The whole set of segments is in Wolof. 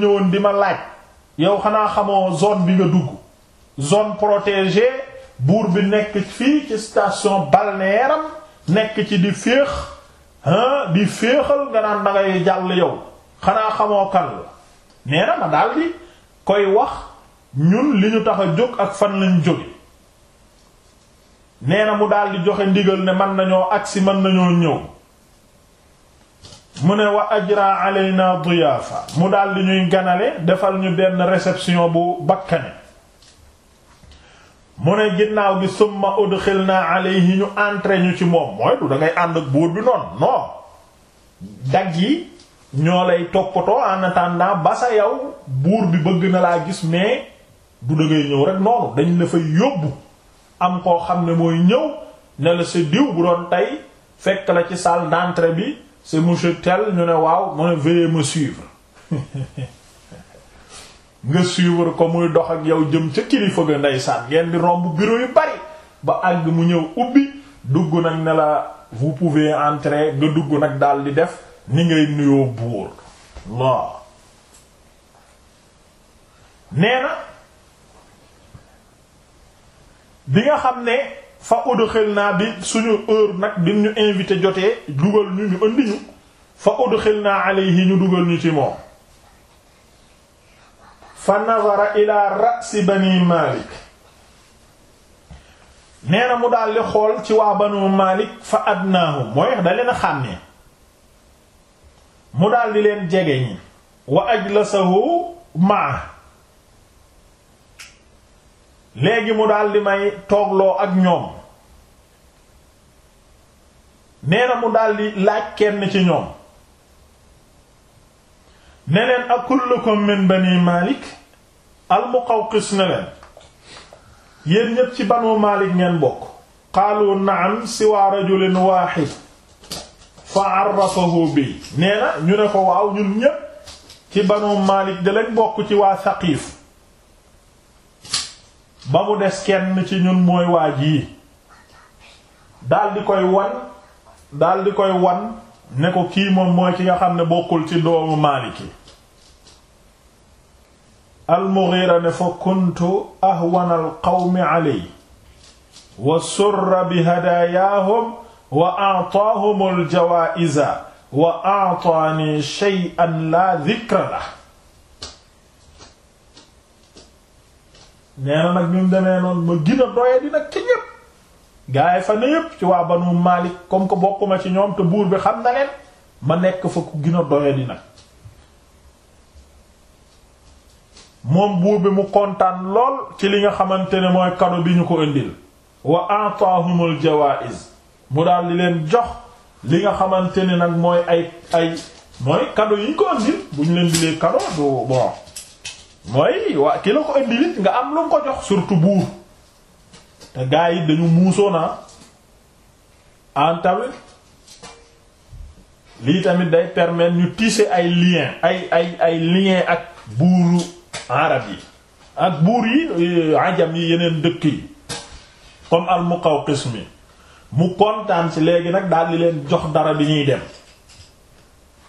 ñëwoon di ma laaj yow xanaa xamoo zone bi nga dugg zone protégée buur bi nekk fii ci station nekk ci di di féexal nga jàll yow xanaa xamoo kan la daldi koy wax ñun li ñu tax a jóg ak fan lañ jóge nee na mu daldi joxe ndigal ne mën nañoo agsi mën nañoo ñëw mu ne wa ajra alayna diyaafa mu daal di ñuy ganale defal ñu benn réception bu bakkane mu ne ginnaaw gi summa udxilna alayhi ñu entré ñu ci moom mooy du da ànd ak buur bi noonu yi ñoo lay toppatoo en attendant ba sa yow buur bi bëgg na gis mais du da ñëw rek noonu dañ la yóbbu am koo xam ne mooy ñëw ne la sa diw bu doon tey fekk la ci salle d'entrée bi c'est monsieur tel ñu ne waaw mu ne veuillez me suivre nga suivre ko muy dox ak yow jëm ca kilifa ga ndeysaan ngeen di romb bureau yu bari ba àgg mu ñëw ubbi dugg nag nela la vous pouvez nga dugg nag daal di def ni ngay nuyoo buur waaw nee na bi nga xam ne fa udxilna bi suñu heure nag bi ñu invité jotee dugal ñu ñu andi ñu fa udxilna alayhi ñu dugal ñu ci moom fa nazara ila ra'si bani malik nee na mu daldi xool ci waa banu malik fa adnaahum mooy da leen xàmmee mu daldi leen jege ñi wa ajlasahu ma léegi mu daldi may toogloo ak ñoom nee na mu daldi laaj kenn ci ñoom ne leen ko min bani Malik al-Muqawqis ne leen yéen ñépp ci banu Malik ngeen bokk qaalu na'am siwa rajulin waahid fa arrafahu bi nee na ñu ne ko waaw ñun ñépp ci banu Malik da leen bokk ci waa Saqiif ba mu des kenn ci ñun mooy waa yi daldi koy wan daal koy wan ne ko kii moom mooy ci nga xam ne bokkul ci doomu Maliki al ne fa kuntu ahwana al-qawmi alayhi wa surra bi hadaayaahum wa a'taahum al-jawaa'iza wa a'taani shay'an laa dhikra lahu nee nag ñu demee noonu ma gina doye di nag ci ñépp gaa yi fa ne yépp ci waa ban mu Malik comme que bokkuma ci ñoom te buur bi xam na leen ma nekk fa ku gina doye di nag moom buur bi mu kontaan lool ci li nga xamante ne mooy kado bi ñu ko indil wa ataahumul jawaa'iz mu daal di leen jox li nga xamante ne nag mooy ay ay mooy kado yi ñu ko indil bu ñu leen di lee kado du mooy waa ki la ko indi nga am lu nga ko jox surtout buur te gaa yi dañu muusoo naa ah. en tamit lii tamit day permettre ñu tisser ay lien ay ay lien ak buuru arab yi ak buur yi eh, ajam yi yeneen dëkk yi comme al Muqawqis mi mu kontaan si léegi nag daal di leen jox dara bi ñuy dem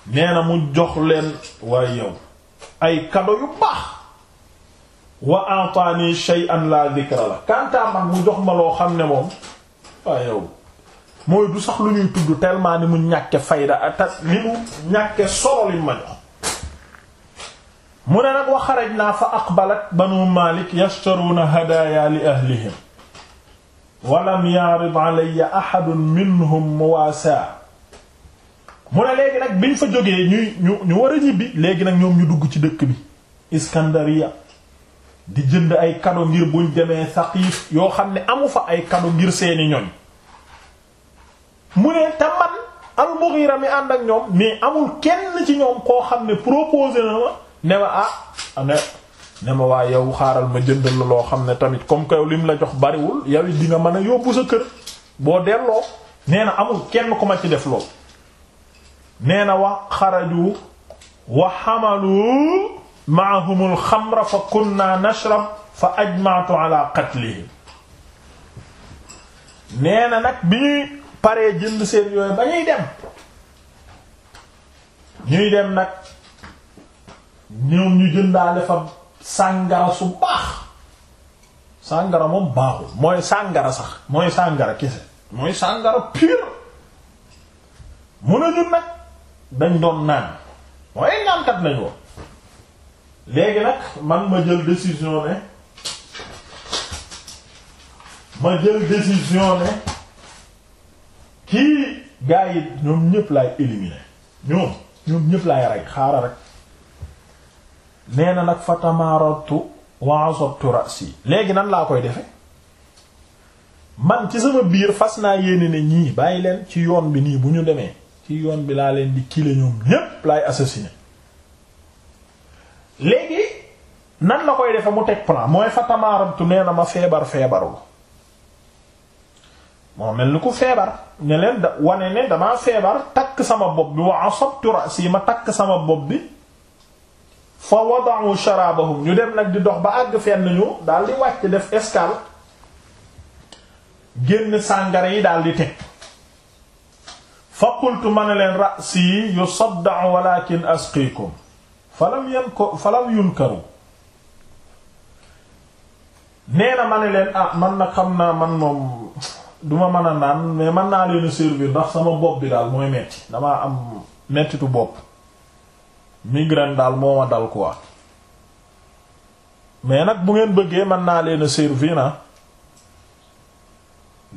nee mu jox leen waaye yow ay cadeau yu baax wa ataani shay'an la dhikra la kantaa man mu jox ma loo xam ne moom waaye yow mooy du sax lu ñuy tudd tellement ni mu ñàkke fayda ata ni mu ñàkke solo li ma jox mu ne nag wa xarajnaa fa aqbalat banu malik yashtaruuna hadaaya li ahlihim walam yaarid alayya ahadun minhum muwaasa mu ne léegi nag biñ fa jógee ñuy ñu ñu war a ñibbi léegi nag ñoom ñu dugg ci dëkk bi iskandariya di jënd ay kado ngir buñ demee sa saqiif yoo xam ne amu fa ay kado ngir seeni ñoñ mu ne te man al mi ànd ak ñoom mais amul kenn ci ñoom koo xam ne proposé na ma ne ma ah ne ne ma waa yow xaaral ma jëndal la loo xam ne tamit comme que lim la jox bariwul yow dinga di mën a yóbbu sa kër boo delloo nee na amul kenn ku ma ci def lool nee na wa xaraju wa xamalu maahumul xamra fa kunna nashrab fa ajmaatu ala qatlihim nee na nag bi ñuy paree jënd seen yooyu ba ñuy dem ñuy dem nag ñoom ñu jëndaale fa sàngara su baax sàngara moom baaxul mooy sàngara sax mooy sàngara kese mooy sàngara pur mun a ñun nag dañ doon naan mooy naankat lañ woon léegi nag man ma jël décision ne ma jël décision ne kii gaa ñoom ñëpp laay éliminer ñoom ñoom ñëpp laay rey xaara rek nee na nag fatamaaratu wa asabtu ra'si léegi nan laa koy defe man ci sama biir fas naa yéene ne ñii bàyyi leen ci yoon bi nii bu ñu demee ci yoon bi laa leen di kile ñoom ñëpp laay assassiner léegi nan la koy defa mu teg plan mooy fa tamaaramtu nee na ma feebar feebarul moo mel ni ku feebar ne leen da wane ne damaa feebar takk sama bopp bi wa asabtu ra'si ma takk sama bopp bi fa wada'u sharabahum ñu dem nag di dox ba àgg fenn ñu daal di wàcc def escale génn sàngara yi daal di teg fa qultu ma ne leen ra'si yusadda'u walakin asqikum falam yan ko falam yunkaru nee na ma ne leen ah man na xam naa man moom duma mën a naan mais mën naa leen servir ndax sama bopp bi daal mooy metti damaa am mettitu bopp migraine daal moo ma dal quoi mais nag bu ngeen bëggee mën naa leen servir na ah.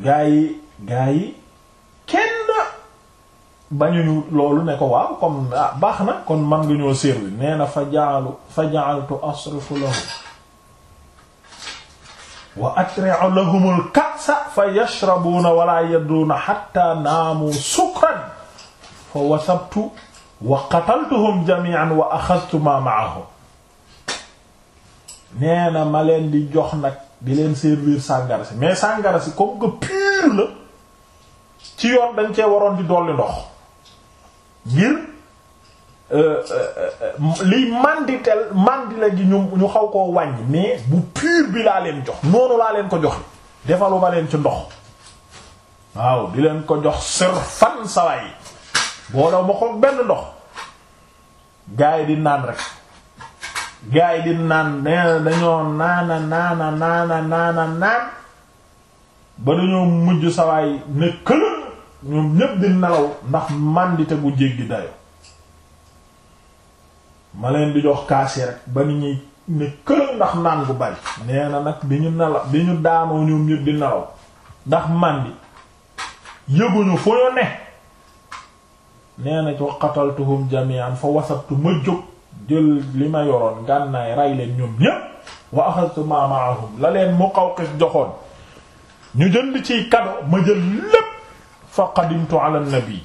gaa yi yi bañuñu loolu ne ko waaw comme ah, baax na kon man nga ñoo servir nee fa jaalu fa jaaltu asrifu lahu wa atri'u lahum al-ka'sa fa yashrabuuna wala yadruuna hatta naamu sukran fa wasabtu wa qataltuhum jami'an wa axadtu ma ma'ahum nee na ma leen di jox nag di leen servir sàngara si mais sàngara si comme que pur la ci yoon dañ cee waroon di dolli ndox ngir euh, euh, euh, liy manditel mandi la gi ñu ñu xaw koo wàññi mais bu pur bi laa leen jox noonu laa leen ko jox defalu ma leen ci ndox waaw di leen ko jox sër fan sawaay booloo ma ko benn ndox gaa yi di naan rek gaa yi di naan nee dañoo naana naana naana naana naan ba dañoo mujj sawaay ne këla ñoom ñépp di nelaw ndax màndite bu jéggi dayo ma leen di jox kaas yi rek ba ni ñuy ne këral ndax naan bu bari nee na nag di ñu nelaw di ñu daanoo ñoom ñépp di nelaw ndax màndi yëguñu foo ñu ne nee na wa qataltuhum jami'an fa wasabtu leen ñoom ñépp wa joxoon ñu jënd ciy kado ma jël lépp fa qadimtu ala nabi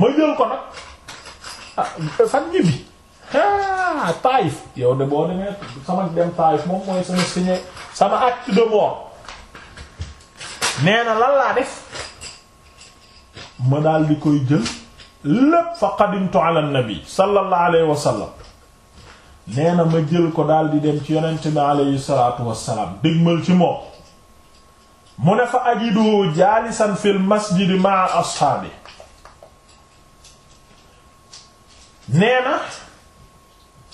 ma jël ko nag ah fan ji ah, yow de boo demee sama dem Taïf moom mooy sama signé sama acte de mort nee na lan laa def ma daal di koy jël lépp fa qadimtu ala nabi sallallahu alayhi wa sallam na ma jël ko daal di dem ci yonent bi alayhi salaatu wa dégmal ci moom. mu ne fa ajidu jaalisan fil masjidi ma ashaabi nee na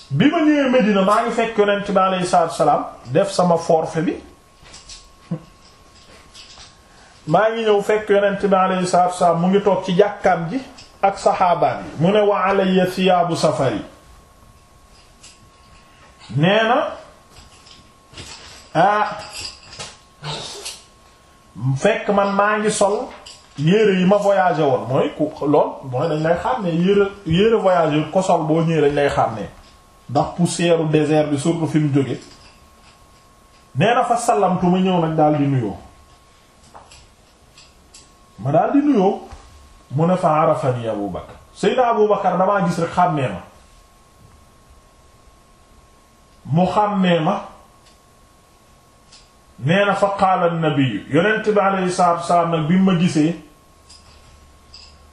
bi ma ñëwee Medina maa ngi fekk yonent bi aleyhi salaam def sama forfait bi maa ngi ñëw fekk yonent bi aleyhi salaam mu ngi toog ci jàkkaam ji ak saxaabaan yi mu ne wa alayya siyaabu safari nee ah fekk man maa ngi sol yére yi ma voyagé woon mooy ku lool mooy dañ lay xàmmee yére yére voyagé ko sol boo ñëwee dañ lay xàmmee ndax poussière u désert bi surtout fi mu jóge nee na fa sallamtu ma ñëw nag daal di nuyoo ma daal di nuyoo mu ne fa arafani Abu Bakar Seydina Abu Bakar damaa gis rek xàmmee ma mu xàmmee ma nee na fa qaala nabiyu yonent bi aleyhi salaatu wasalaam nag bi ma gisee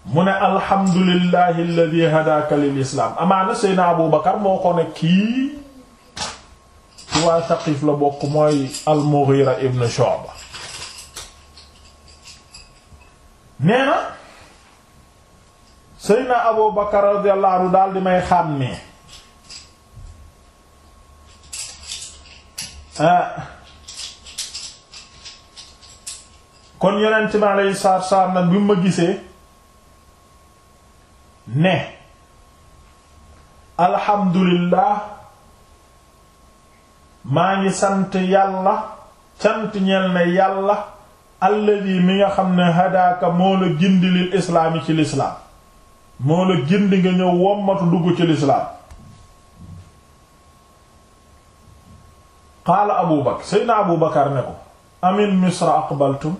mu ne alhamdulillahi alladi hadaaka lil islaam amaana abu bakar moo ko ne kii ci waa la bokk mooy al mughira ibn shu'ba nee na abu bakar radiyallahu anhu daal di may xàmmee ah kon yonent bi alayhi salaatu salaam nag bi mu ma gisee ne alhamdulillah maa ngi sant yàlla sant ñeel ne yàlla alladi mi nga xam ne hadaaka moo la gindi lil islaami ci lislaam moo la gindi nga ñëw wommatu dugg ci lislaam qaala abu bakar seydna abu bakar ne ko amin misra aqbaltum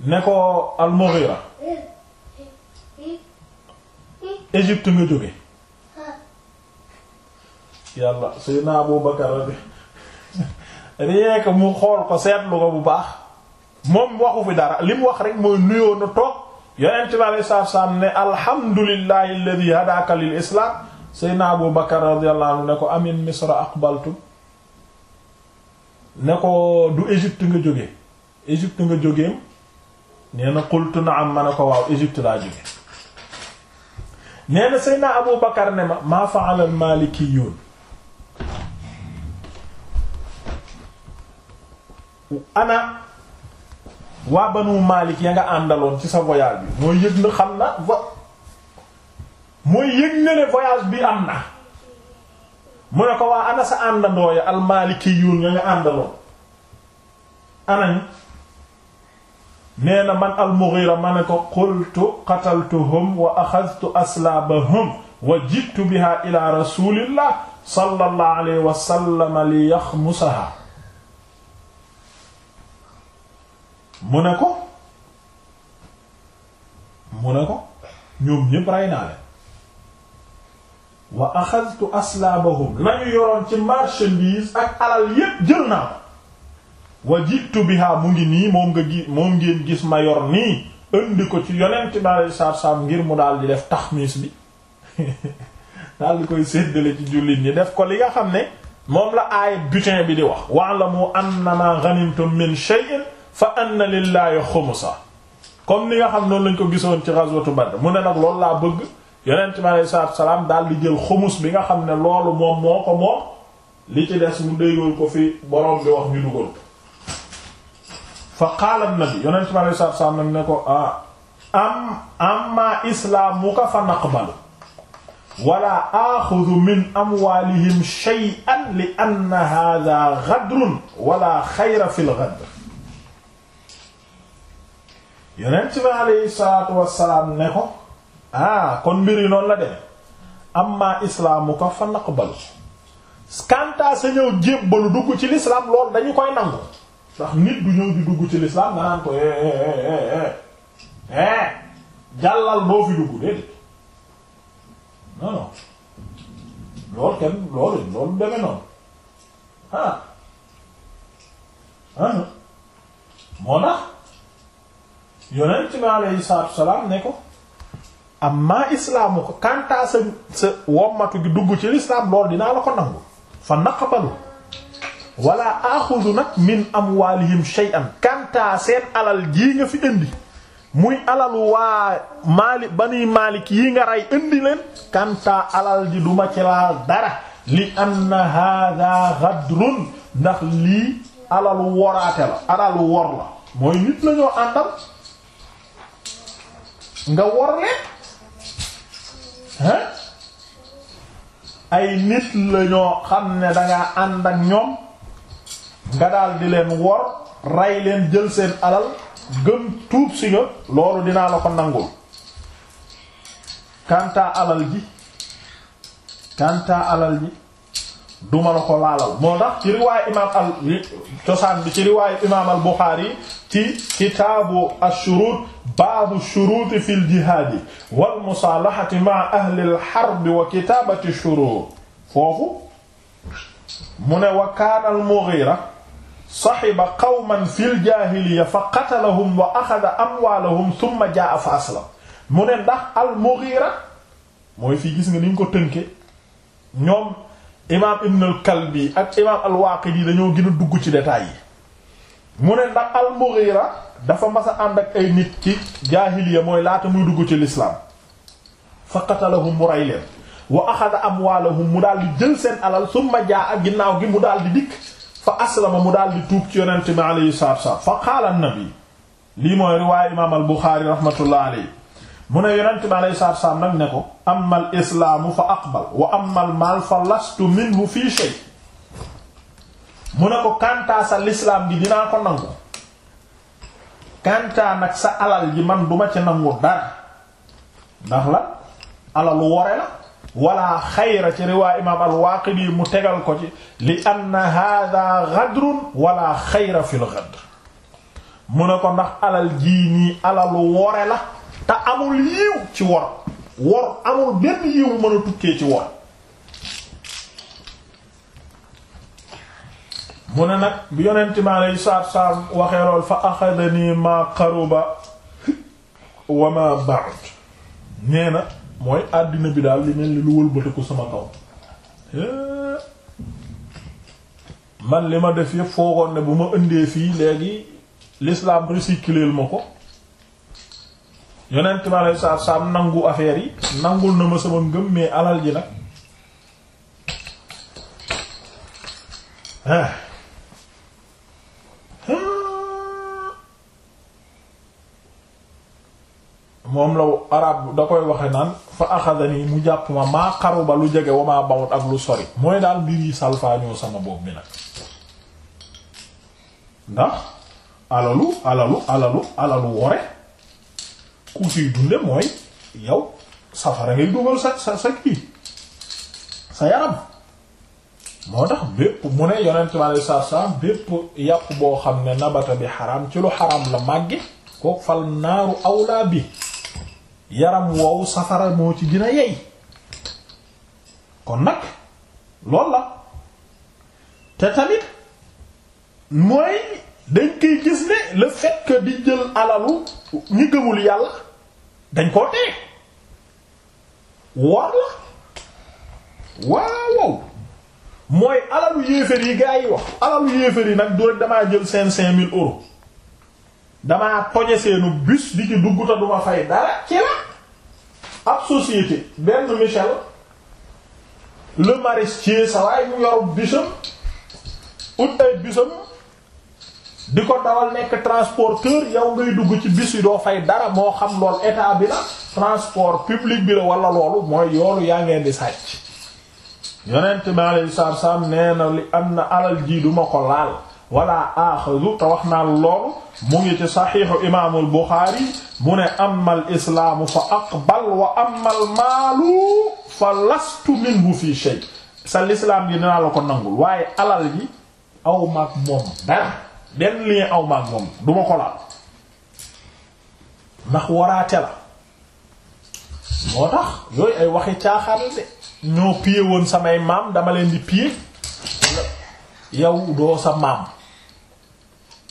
ne ko al-Mughira Égypte nga jóge yàlla Seydina Abu Bakar rien mu xool ko seetlu ko bu baax moom waxu fi dara li mu wax rek mooy nuyoo toog yonent bi alayhi salaatu ne alhamdulillahi alladhi hadaaka lil islam Seydina Abu Bakar radiyallahu ne ko amin misra aqbaltum ne ko du Égypte nga jóge Égypte nga jógeem nee na qultu na'am ma ne ko waaw Égypte laa jóge nee na Abu Bakar ne ma maa fa'ala al-maalikiyuun ana waa banu Maalik ya nga àndaloon ci sa voyage bi mooy yëg na xam na mooy yëg na ne voyage bi am na mu ne ko waa ana sa àndandoo ya al-maalikiyuun ya nga àndaloon anañ nee na man al-Mughira ma ne ko qultu qataltuhum wa axadtu aslaabahum wa jiitu biha ila rasulillah sallallahu alayhi wa sallam li yaxmusaha mu ne ko mu ne ko ñoom ñépp rey naa leen wa axadtu aslaabahum lañu yoroon ci marchandise ak alal yépp jël naa ko wa jiitu biha mu ngi nii moom nga gi moom ngeen gis ma yor nii indi ko ci yonent bi alei satu salaam ngir mu daal di def taxmiis bi daal di koy séddale ci jullit ñi def ko li nga xam ne moom la aay butin bi di wax waa wa'lamu annama ghanimtum min shay'in fa anna lillahi xumusa comme li nga xam noonu lañ ko gisoon ci ghazwatu Badr mu ne nag loolu laa bëgg yonent bi alei salaam daal di jël xumus bi nga xam ne loolu moom moo ko moom li ci des mu déggoo ko fi borom bi fa qaala nabi yonent bi alayhi salaatu salaam ne ah, fa naqbalu wala axudu min amwaalihim shay'an li anna gadrun wala xayra fil gadr yonent bi alayhi salaatu wassalaam ne ko ah kon mbir yi noonu la dugg ci lislaam lool dañu koy nangu ndax nit bu ñëw di dugg ci lislaam nga naan ko eh, eh, eh, jàllal doo fi dugg déedéet non non loolu kenn loolu loolu deme noonu ah ah moo tax yonent bi aleyhi salaatu salaam ne ko amma islaamu ko kantaa sa sa wommatu gi dugg ci lislaam loolu dinaa la ko nangu fa naqbalu wala axudu nag min amwalihim shay'an kanta seen alal jii nga fi indi muy alalu waa bani maalik yi nga rey indi leen kanta alal ji duma ci laal dara li anna hada ghadrun ndax lii alalu woraate la alalu wor la nit la ñoo nga wor leen ay nit la xam ne dangaa ànd ñoom nga daal di leen wor rey leen jël seen alal gëm tuub si nga loolu dinaa la ko nangul kantaa alal ji duma la ko laalal moo tax ci riwaayu imaam al cosaan bi ci riwaayu imaam al Buxaari ci kitaabu ash-shuruut baabu shuruuti fil jihaadi wal musaalahati ma'a ahli al-harbi wa kitaabati shuruut foofu mu ne wa kaana al-Mughiira saxiba qawman fil jaahiliya fa qatalahum wa axada amwaalahum summa jaa fa aslam mu ne ndax al mooy fii gis nga ni ñu ko tënke ñoom imaam Ibn al Kalbi ak imaam al Waaqidi dañoo gën a dugg ci détails yi mu ne ndax al dafa mas a ànd ak ay nit ci jaahiliya mooy laata muy dugg ci lislaam fa qatalahum mu rey leen wa axada amwaalahum mu daal di jël seen alal summa jaa ak ginnaaw gi mu daal di dikk. fa aslama mu daal di tuub ci yonent bi alayhi salaatu wassalaam fa qaala an-nabi lii mooy riwaayu imaam buxaari rahmatullah alayhi mu ne yonent bi alayhi salaatu wassalaam nag ne ko amma al-islaamu fa aqbal wa amma al-maal fa lastu minhu fii shay mu ne ko kantaa sa lislaam gi dinaa ko nangu kantaa nag sa alal ji man duma ci nangu dara ndax la alalu wore la wala xayra ci riwaa imaam al mu tegal ko ci li anna haadaa gadrun wala xayra fil gadr mu ne ko ndax alal jii nii alalu wore la te amul yiw ci wor wor amul benn yiw mën a tukkee ci wor mu ne nag bi yonent mi alayhi salaatu salaam fa axadanii maa qaruba wa maa ba'd nee na mooy àddina bi daal li mel ni lu wëlbatiku sama kaw man li ma def yëpp foogoon ne bu ma indee fii léegi lislaam recycler ma ko yonent ma lay saab saab nangu affaire yi nangul na ma sama ngëm mais alal ji nag moom la arab da koy waxe naan fa axadani mu jàpp ma maa ba lu jege wa maa bawut ak lu sori mooy daal mbir yi sama bopp bi nag sa sa kii sa yaram moo tax bépp mu ne yonent bi alei satu salaam bépp yàpp boo xam ne nabata bi xaram ci lu xaram la màgge kooku fal naaru awlaa bi yaram wow safara moo ci dina yey kon nag lool la te tamit mooy dañ koy gis ne le fait di jël alalu ñu gëmul yàlla dañ koo tee war la waaw mooy alalu yéeféer yi gaa yi wax alalu yéeféer yi nag du rek damaa jël cinq cinq mille euros damaa toje seenu bus di ci dugg te duma fay dara ci la ab société benn Michel le maréchal sa waay mu yor busam ut ay busam di ko dawal nekk transporteur yow ngay dugg ci bis yi doo fay dara moo xam lool état bi la transport public bi la wala loolu mooy yoolu yaa ngeen di sàcc yonent mi na li am na alal jii duma ko laal wala axasu te wax naa loolu mu ngi ci saxiixu imaamul Buxaari mu ne amal islaamu fa aqbal wa amal maalu fa lastu minhu fi shay sa lislaam gi dinaa la ko nangul waaye alal yi aw maag moom dara benn lien aw maag moom duma ko ndax waraate la moo tax yooyu ay waxi caaxaan de ñoo piye woon samay maam dama leen di piye yow doo sa maam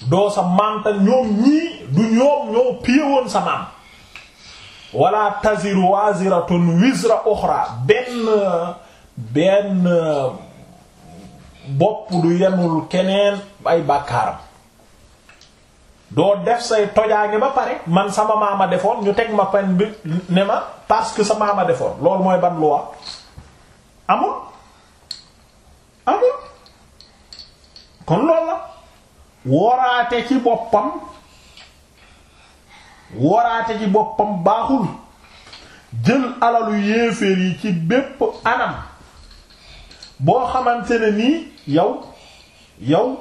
doo sa maanta ñoom ñii du ñoom ñoo piyewoon sa maam wala taziru waziratun wizra uxra benn benn bopp du yenul keneen ay bàkkaaram doo def say tojaange ba pare man sama maama defoon ñu teg ma pen bi ne ma parce que sa maama defoon loolu mooy ban loi amul amul kon loolu la woraate ci boppam woraate ci boppam baaxul jël alalu yéeféer yi ci bépp anam boo xamante ne nii yow yow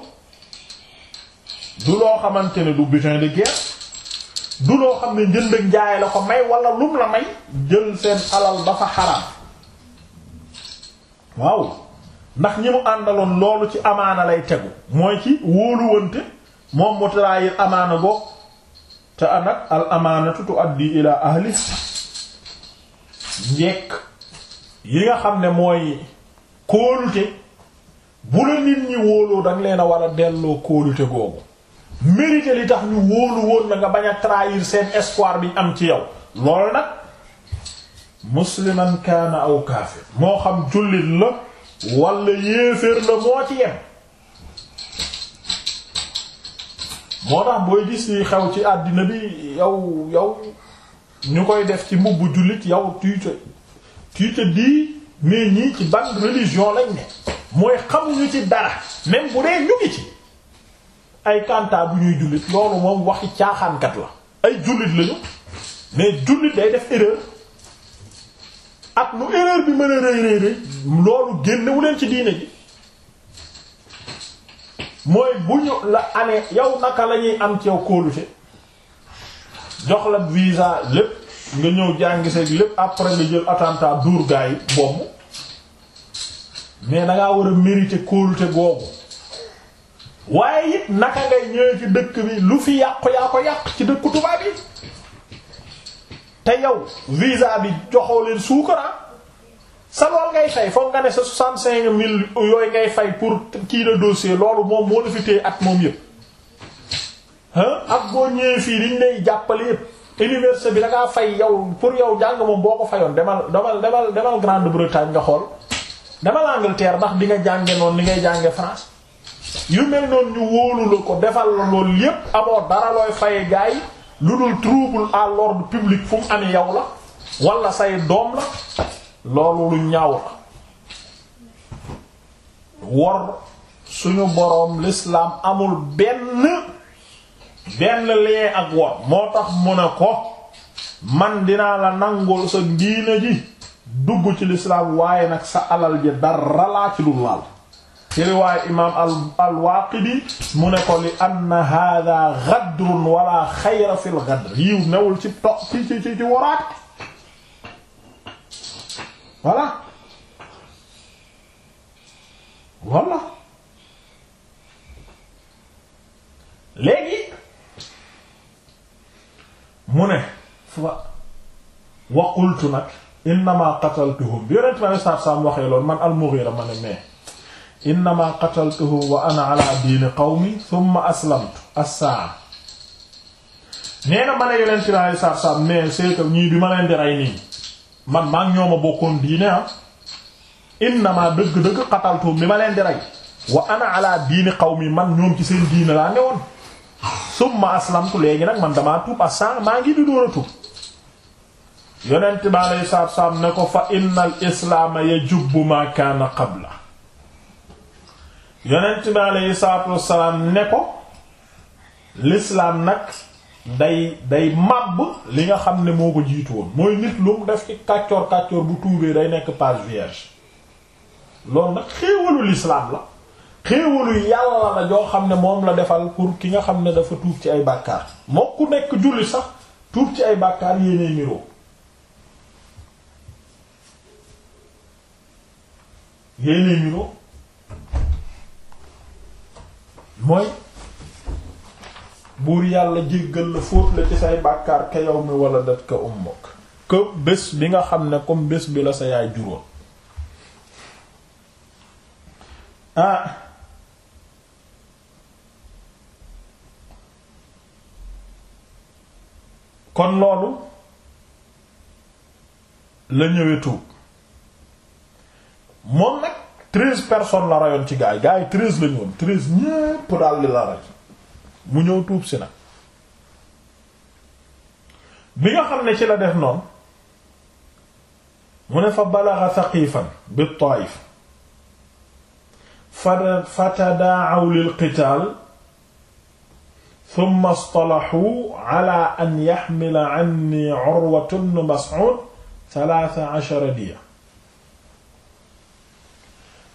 du loo xamante ne du butin de guerre du loo xam ne njënd ak njaay la ko may wala lum la may jël seen alal dafa xaraam waaw ndax ñi mu àndaloon loolu ci amaana lay tegu mooy ci wóoluwante moom mu traahir amaana boo te anak al amaanatu tuaddi ila ahli njekk yi nga xam ne mooy kóolute bu la nit ñi wóoloo danga leen a war a delloo kóolute googu mérité li tax ñu wóolu woon na nga bañ a trahir seen espoir biñ am ci yow loolu nag musliman kaana aw kaafir moo xam jullit la wala yéeféer la moo ci yem moo tax booy gis yi xew ci àddina bi yow yow ñu koy def ci mbubb jullit yow tu te tu te mais ñii ci ban religion lañ ne mooy xamuñu ci dara même bu dee ñu ci ay kanta bu ñuy jullit loolu moom waxi caaxaankat la ay jullit lañu mais jullit day def erreur ak nu erreur bi mën a rëy rëy rëy loolu génnewu leen ci diine ji mooy bu ñu la amee yow naka lañuy am ci yow kóolute jox la visa lépp nga ñëw jàngi seeg lépp après nga jël attentat duur gaa yi bomb mais da war a mériter kóolute googu waaye it naka ngay ñëwee ci dëkk bi lu fi yàqu yaa ko yàq ci dëkku tubaab yi. te yow visa bi joxoo leen suukara ah? sa lool ngay fay foog nga ne sa soixante-cinq mille yooyu ngay fay pour kii la dossier loolu moom moo la fi téye at moom yëpp ak boo ñëwee fii liñ lay jàppale yëpp université bi da ngaa fay yow pour yow jàng moom boo ko fayoon demal demal demal demal Grande-Bretagne nga xool demal Angleterre ndax di nga jànge noonu li ngay jànge France yu mel noonu ñu wóolu la ko defal la loolu yépp amoo dara looy faye gaay lu dul trouble à l'ordre public fu mu amee yow la wala say doom la loolu lu ñaaw la wor suñu boroom lislaam amul benn benn lien ak wor moo tax mu ne ko man dinaa la nangul sa diina ji dugg ci l'islam waaye nag sa alal ji dara laa ci dul laal ci riwaaya imaam al-Waaqidi mu ne ko li anna haadaa gadrun wala xayra fil gadr yiw newul ci to ci ci ci waraat voilà voilà léegi mu ne fa wa qultu nag innamaa qataltuhum bi Yonent bi sallallahu alayhi wa sallam waxee loolu man al-Mughira ma ne mais innama qataltuhu wa ana ala diini ma ne yeneen ci laay saab saab ñii bi ma leen di nii man maa ngi bokkoon diine ah innama dëgg-dëgg qataltuhum bi ma leen di wa ana ala diini qawmi man ñoom ci seen diine laa newoon thumma aslamtu léegi nag man damaa tuub as maa ngi di door a tuub yonent bi ne ko fa innal islaama yajubbu maa kaana qabla yonent bi aleyhi salaatu ne ko lislaam nag day day màbb li nga xam ne moo ko jiitu woon mooy nit lu def ci kàccoor kàccoor bu tuubee day nekk page vierge lool nag xéewalu lislaam la xéewalu yàlla la joo xam ne moom la defal pour ki nga xam ne dafa tuub ci ay bàkkaar moo ku nekk julli sax tuub ci ay bàkkaar yéenee niroo yéenee niroo mooy buur yàlla jéggal la fóot la ci say bàkkaar ka yow mi wala dat ka ummuk que bés bi nga xam ne comme bés bi la sa yaay juróom ah. kon loolu la ñëwee tuub moom nag treize personnes la rayoon ci gaay gaay treize lañu woon treize ñépp daal di la ray mu ñëw tuub si nag bi nga xam ne ci la def noonu mu ne fa balaxa thaqifan bi taif fatadaaw lil qitaal thumma istalaxu ala an yaxmila anni urwatu bnu mas'ud thalaatha ashara diya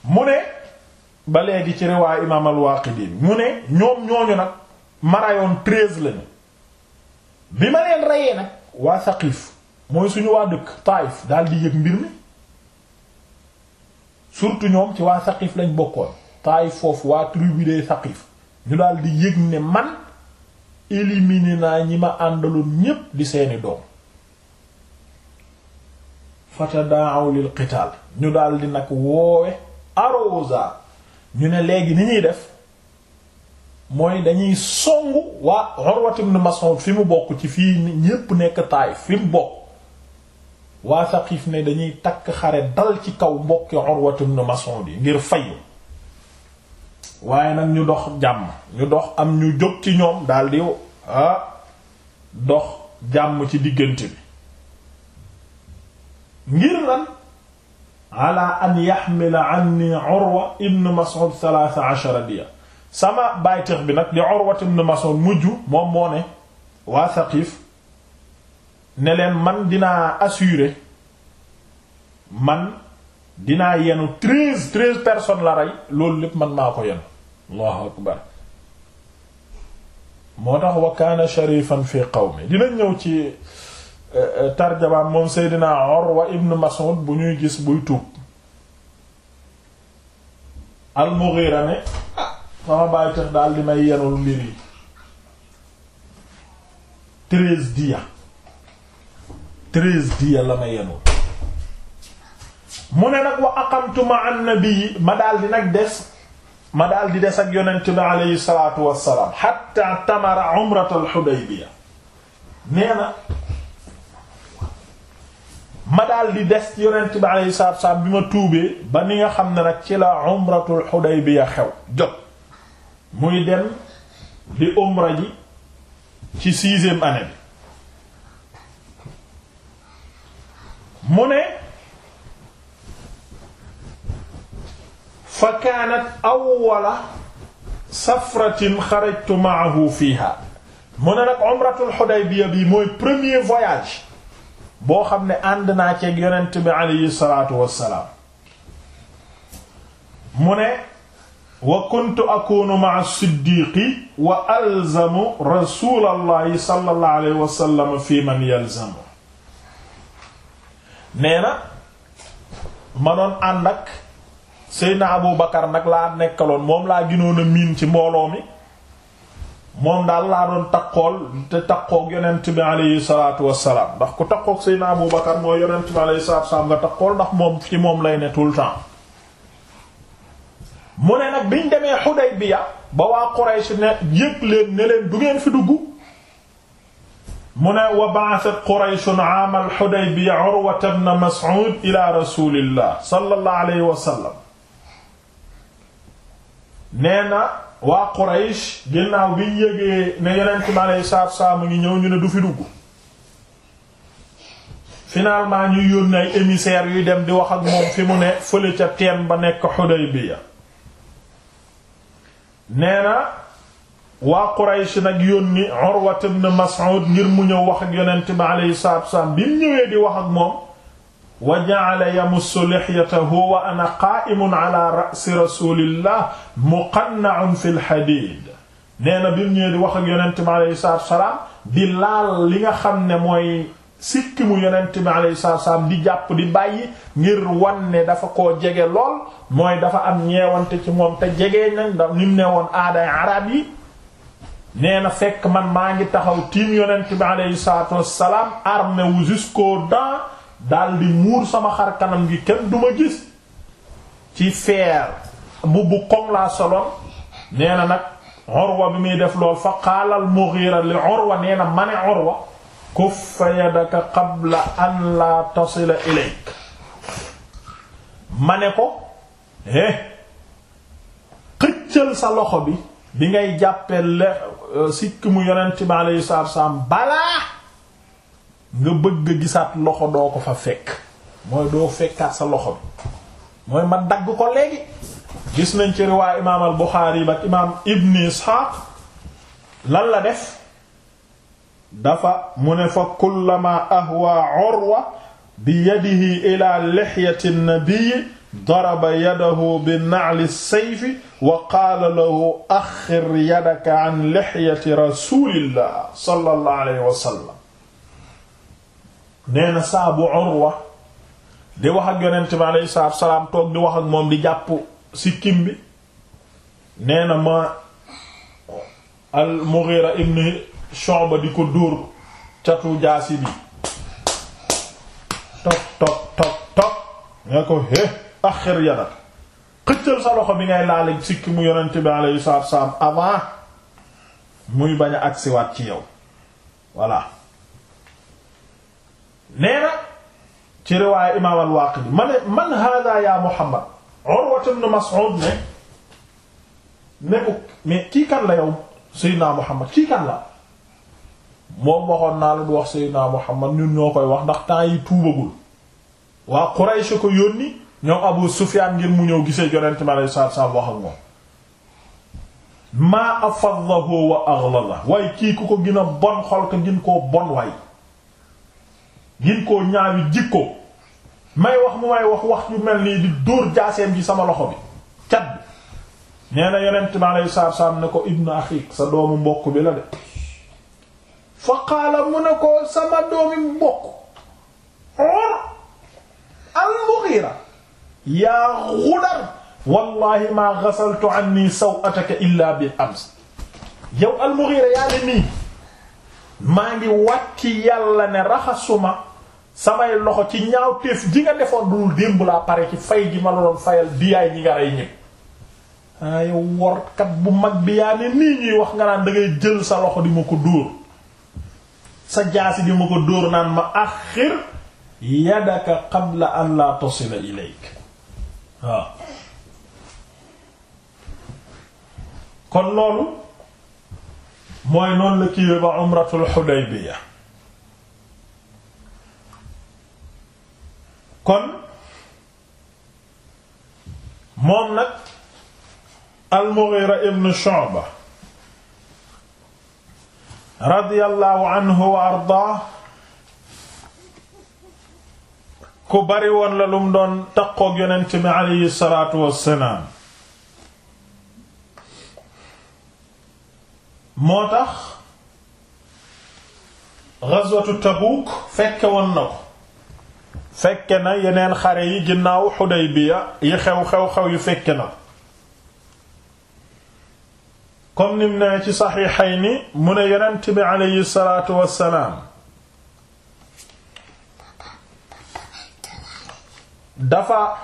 mu ne ba léegi ci riwaayu imaam al mu ne ñoom ñooñu nag ma rayoon treize lañu bi ma leen rayee nag waa Saqiif mooy suñu waa dëkk Taayif daal di yëg mbir mi surtout ñoom ci waa Saqiif lañ bokkoon Taayif foofu waa tribu Saqiif ñu daal yëg ne man éliminé naa ñi ma àndaloon ñépp di seeni doom fatadaaw lil qitaal ñu daal di nag woowe arrosa ñu ne léegi ni ñuy def mooy dañuy songu waa Urwat ibn fi mu bokk ci fii ñépp nekk Taayif fi mu bokk waa xiif ne dañuy takk xare dal ci kaw mbokki Urwat ibn Mas'ud yi ngir fayu waaye nag ñu dox jàmm ñu dox am ñu jóg ci ñoom daldi ah dox jàmm ci diggante bi ngir lan ala an yaxmila anni Urwa ibn Mas'ud thalaatha ashara diya sama bàyteex bi nag di Urwa ibn Mas'ud mujj moom moo ne waa Thaqif ne man dinaa assurer man dinaa yenu treize treize personnes la rey loolu lépp man maa ko yenu Allahu akbar moo tax wa kaana sharifan fi qawmi dina ñëw ci tarjabaam moom Seydina Urwa ibn Mas'ud bu ñuy gis buy tuub al-Mughira ne ah sama daal di may yenul mbir yi treize diya la ma yenul mu ne nag wa aqamtu ma'a an-nabi ma daal di nag des ma daal di des ak yonent bi aleyhi salaatu wassalaam hatta tamara umratul Hudaybiya nee na ma daal di des ci yonent bi alayhi salaatu bi ma tuubee ba ni nga xam ne nag ci la umratul Hudaybiya xew jot muy dem di umra ji ci sixième année bi mu ne fa kaanat awwala safratin xarajtu ma'ahu fiiha mu ne nag umratul Hudaybiya bi mooy premier voyage boo xam ne ànd naa ceeg yonent bi aleyhi salaatu wassalaam mu ne wa kuntu akunu ma'a siddiqi wa alzamu rasulallahi sallallahu alayhi wasallam fi man yalzamu nee na ma doon ànd ak Seydina Abu Bakar nag laa nekkaloon moom laa ginoon a miin ci mbooloo mi moom daal laa doon takkool te takkoog yonent bi alayhi salaatu wassalaam ndax ku takkoog Seydina Abu Bakar mooy yonent bi alayhi salaatu wassalaam nga takkool ndax moom ci moom lay ne tout le temps mu ne nag biñ ba waa Quraysh ne yëg leen ne leen du fi dugg mu ne wa ba'athat Qurayshun 'aama al-Hudaybiya Urwata ibn Mas'ud ila rasulillah waa Quraysh ginnaaw bi ñu yëgee ne yeneen ma malay saaf saaf mu ngi ñëw ñu ne du fi dugg finalement ñuy yónni ay émissaires yuy dem di wax ak moom fi mu ne fële ca teen ba nekk Hudaybiya nee na waa Quraysh nag yónni Urwa ibn Mas'ud ngir mu ñëw wax ak yonent bi alayhi salaatu wa salaam bi mu ñëwee di wax ak moom wa ja'ala yamussu lihyatahu wa ana qaa'imun ala ra'si rasulillah muqanna'un fil nee na bi mu ñëwee di wax ak yonent bi alayhi salaam di laal li nga xam ne mooy sikki mu yonent bi alayhi salaam di jàpp di bàyyi ngir wan ne dafa ko jege lool mooy dafa am ñeewante ci moom te jege nañ ndax ni ne woon aaday arab yi nee na fekk man maa ngi taxaw tiim yonent bi alayhi salaam armé wu jusqu'aux daal di muur sama xar kanam gi kenn du ma gis ci feer mbubb koŋ laa soloon nee na nag Urwa bi muy def lool fa qaala al li Urwa nee na ma ne Urwa kuffa qabla an laa tasila ilayk ma ko é eh, xëccal sa loxo bi bi ngay jàppee le euh, sikk mu yonent bi alayhi salaatu wa balaa nga bëgg gisaat loxo doo ko fa fekk mooy doo fekkaat sa loxo mooy ma dagg ko léegi gis nañ ci riwaay imaam al Buxaari ba imaam Ibn Isxaaq lan la def dafa mu ne fa kullama ahwa urwa bi yadihi ila lihyati nabii daraba yadahu bi na'li sayfi wa qaala lahu axir yadaka an lihyati rasulillah sallallahu alayhi nee na saabu Urwa di wax ak yonent bi alayhi salaam toog di wax ak moom di jàpp sikkim bi nee na ma al Mughira ibn Shu'ba di ko dóor catu jaasi bi tok tok tok tok nga ko hé axir yadak sa loxo bi ngay laale sikki mu yonent bi alayhi salaam avant muy bañ a agsiwaat ci yow voilà nee na ci riwaaya imaam al-Waaqidi ma man haadaa yaa Muhammad Urwa ibn ne ne ko kii kan la yow Seydina Muhammad kii kan la moom waxoon naa la du wax Seydina Muhammad ñun ñoo koy wax ndax temps yi tuubagul waa Quraysh ko yónni ñoom Abu Sufyaan ngir mu ñëw gisee Yonent mi alayhi salaatu salaam wax ak moom maa afaddahu wa aghlala waaye kii ku ko gën bon xol ko gën koo bon waay gin koo ñaawi jikko may wax mu may wax wax yu mel nii di dóor jaaseem ji sama loxo bi cat bi nee na yonent sa doomu mbokk bi la ko sama doomi mbokk or al-Mughira yaa maa ghasaltu anni saw'ataka ne nii maa ngi wàcc yàlla ne raxasuma samay loxo ci ñaaw téef ji nga defoon dul démb laa pare ci fay gi ma la doon fayal diyaay ñi nga rey ñëpp ah, workat bu mag bi yaa ne nii ñuy wax nga naan da jël sa loxo di ma ko dóor sa jaasi di ma ko dóor naan ma axir yadaka qabla an tosila ilayk waaw ah. kon loolu mooy noonu la kiiwe ba umratul Hudaybiya kon moom nag al-Mughira ibn Shu'ba radiyallahu anhu wa ardaa ku bari woon la lum doon taqoog yonent bi alayhi salaatu wassalaam moo tax ghazwatu Tabuuk fekke woon na ko fekke na yeneen xare yi ginnaaw Xudaybiya yi xew xew xew yu fekke na kom nim ne ci saxiixayni mu ne yonent bi aleyhi salaatu wassalaam dafa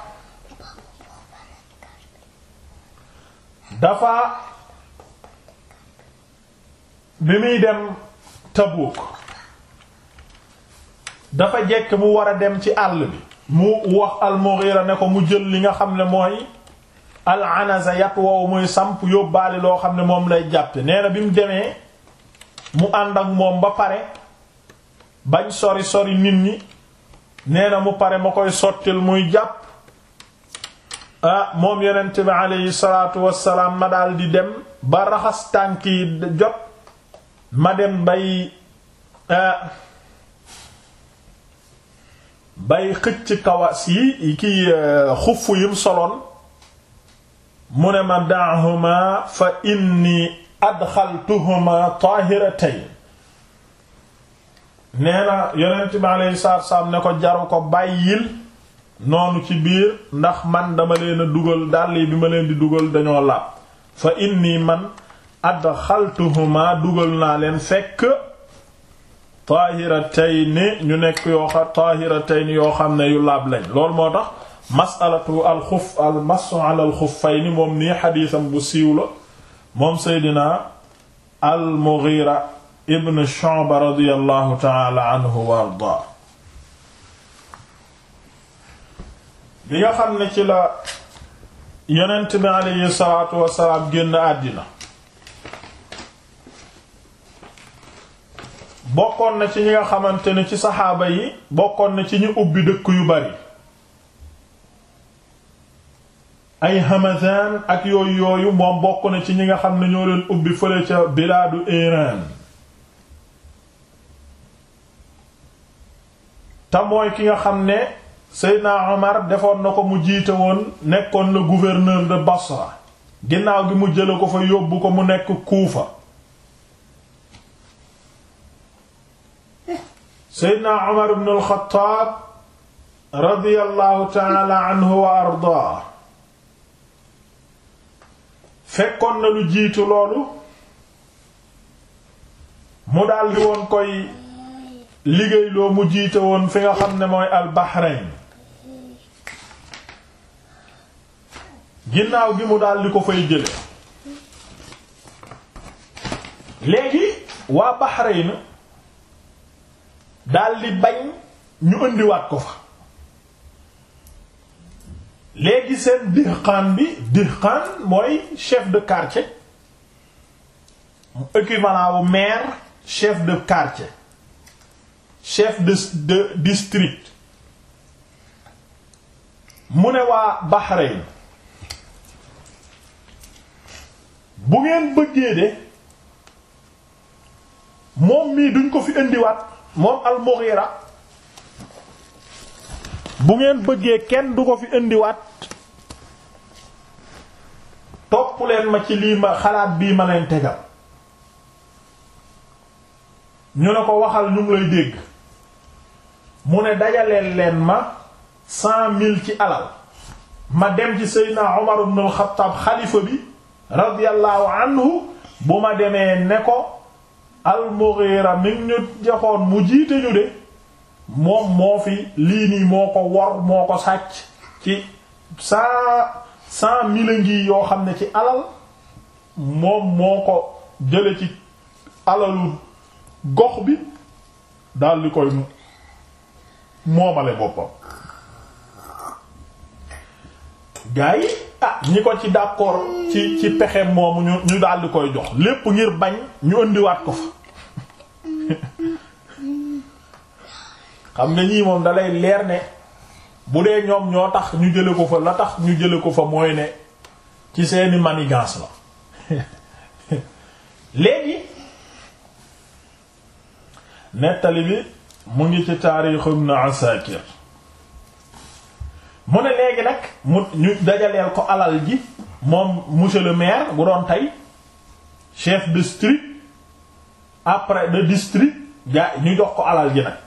dafa bi muy dem Tabuuk dafa jekk mu war a dem ci àll bi mu wax al ne ko mu jël li nga xam ne mooy al-anaza wow muy samp yóbbaale loo xam ne moom lay jàppe nee bi mu demee mu ànd ak moom ba pare bañ sori sori nit ñi nee mu pare ma koy sottil muy jàpp ah moom yonent bi aleyhi salaatu wassalaam ma daal di dem ba raxas tànk yi jot ma dem bay ah, bay xëcc kawas yi kii ki euh, xuff yim soloon mu ne ma daahuma fa inni adxaltuhuma taahiratayn nee na yonent bi aleyhi salaatu ne ko jaru ko bàyyil noonu ci biir ndax man dama leen a dugal dàll yi bi ma leen di dugal dañoo làpp fa inni man adxaltuhuma dugal naa leen fekk taahiratayni ñu nekk yoo xam taahiratayni yoo xam ne yu laab lañ loolu moo tax masalatu al xuf al masu ala al xuffayni moom nii xadiisam bu siiw la moom seydina al mughira ibn shu'ba radiyallahu taala anhu wa ardaa bi nga xam ne ci la yonent bi alayhi salaatu wasalaam génn àddina bokkoon na ci ñi nga xamante ne ci saxaaba yi bokkoon na ci ñu ubbi dëkk yu bari ay Hamadan ak yooyu yooyu moom bokk na ci ñi nga xam ne ñoo leen ubbi fële ca bilaadu Iran te mooy ki nga xam ne Seydina Omar defoon na ko mu jiite woon nekkoon na gouverneur de Basra ginnaaw gi mu jële ko fa yóbbu ko mu nekk Kuufa seydna Umar ibn al-Khattab radiyallahu anhu wa ardaa fekkoon na lu jiitu loolu mu daldi woon koy liggéeyloo mu jiite woon fi nga xam ne mooy al-Bahrain ginnaaw gi mu daldi ko fay jële léegi waa Bahrain daldi bañ ñu indiwaat ko fa léegi seen dihqaan bi dihqaan mooy chef de quartier équivalent wu maire chef de quartier chef de de district mu ne waa Bahreïn bu ngeen bëggee de moom mii duñ ko fi indiwaat moom al-Mughira bu ngeen bëggee kenn du ko fi indiwaat topp ma ci lii ma xalaat bii ma leen tegal ñu ne ko waxal ñu lay dégg mu ne dajaleel leen ma cent mil ci alal ma dem ci Seydina Umar ibn al xalifa bi radiyallahu anhu bu ma demee ne ko al-Mughira mi ñu joxoon mu jiite ñu de moom moo fi lii nii moo ko wor moo ko sàcc ci cent cent mille ngi yoo xam ne ci alal moom moo ko jële ci alalu gox bi daldi koy moomale boppam gars yi ah ñi ko ci d'accord ci ci pexe moomu ñu ñu daal di koy jox lépp ngir bañ ñu indiwaat ko fa xam nga ñii moom dalay leer ne bu dee ñoom ñoo tax ñu jële ko fa la tax ñu jële ko fa mooy ne ci seeni manigance la léegi nettali bi mu ngi ci taarixu Ibn Asakir mu ne léegi nag mu ñu dajaleel ko alal ji moom monsieur le maire bu doon tey chef de district après de district ja ñu jox ko alal ji nag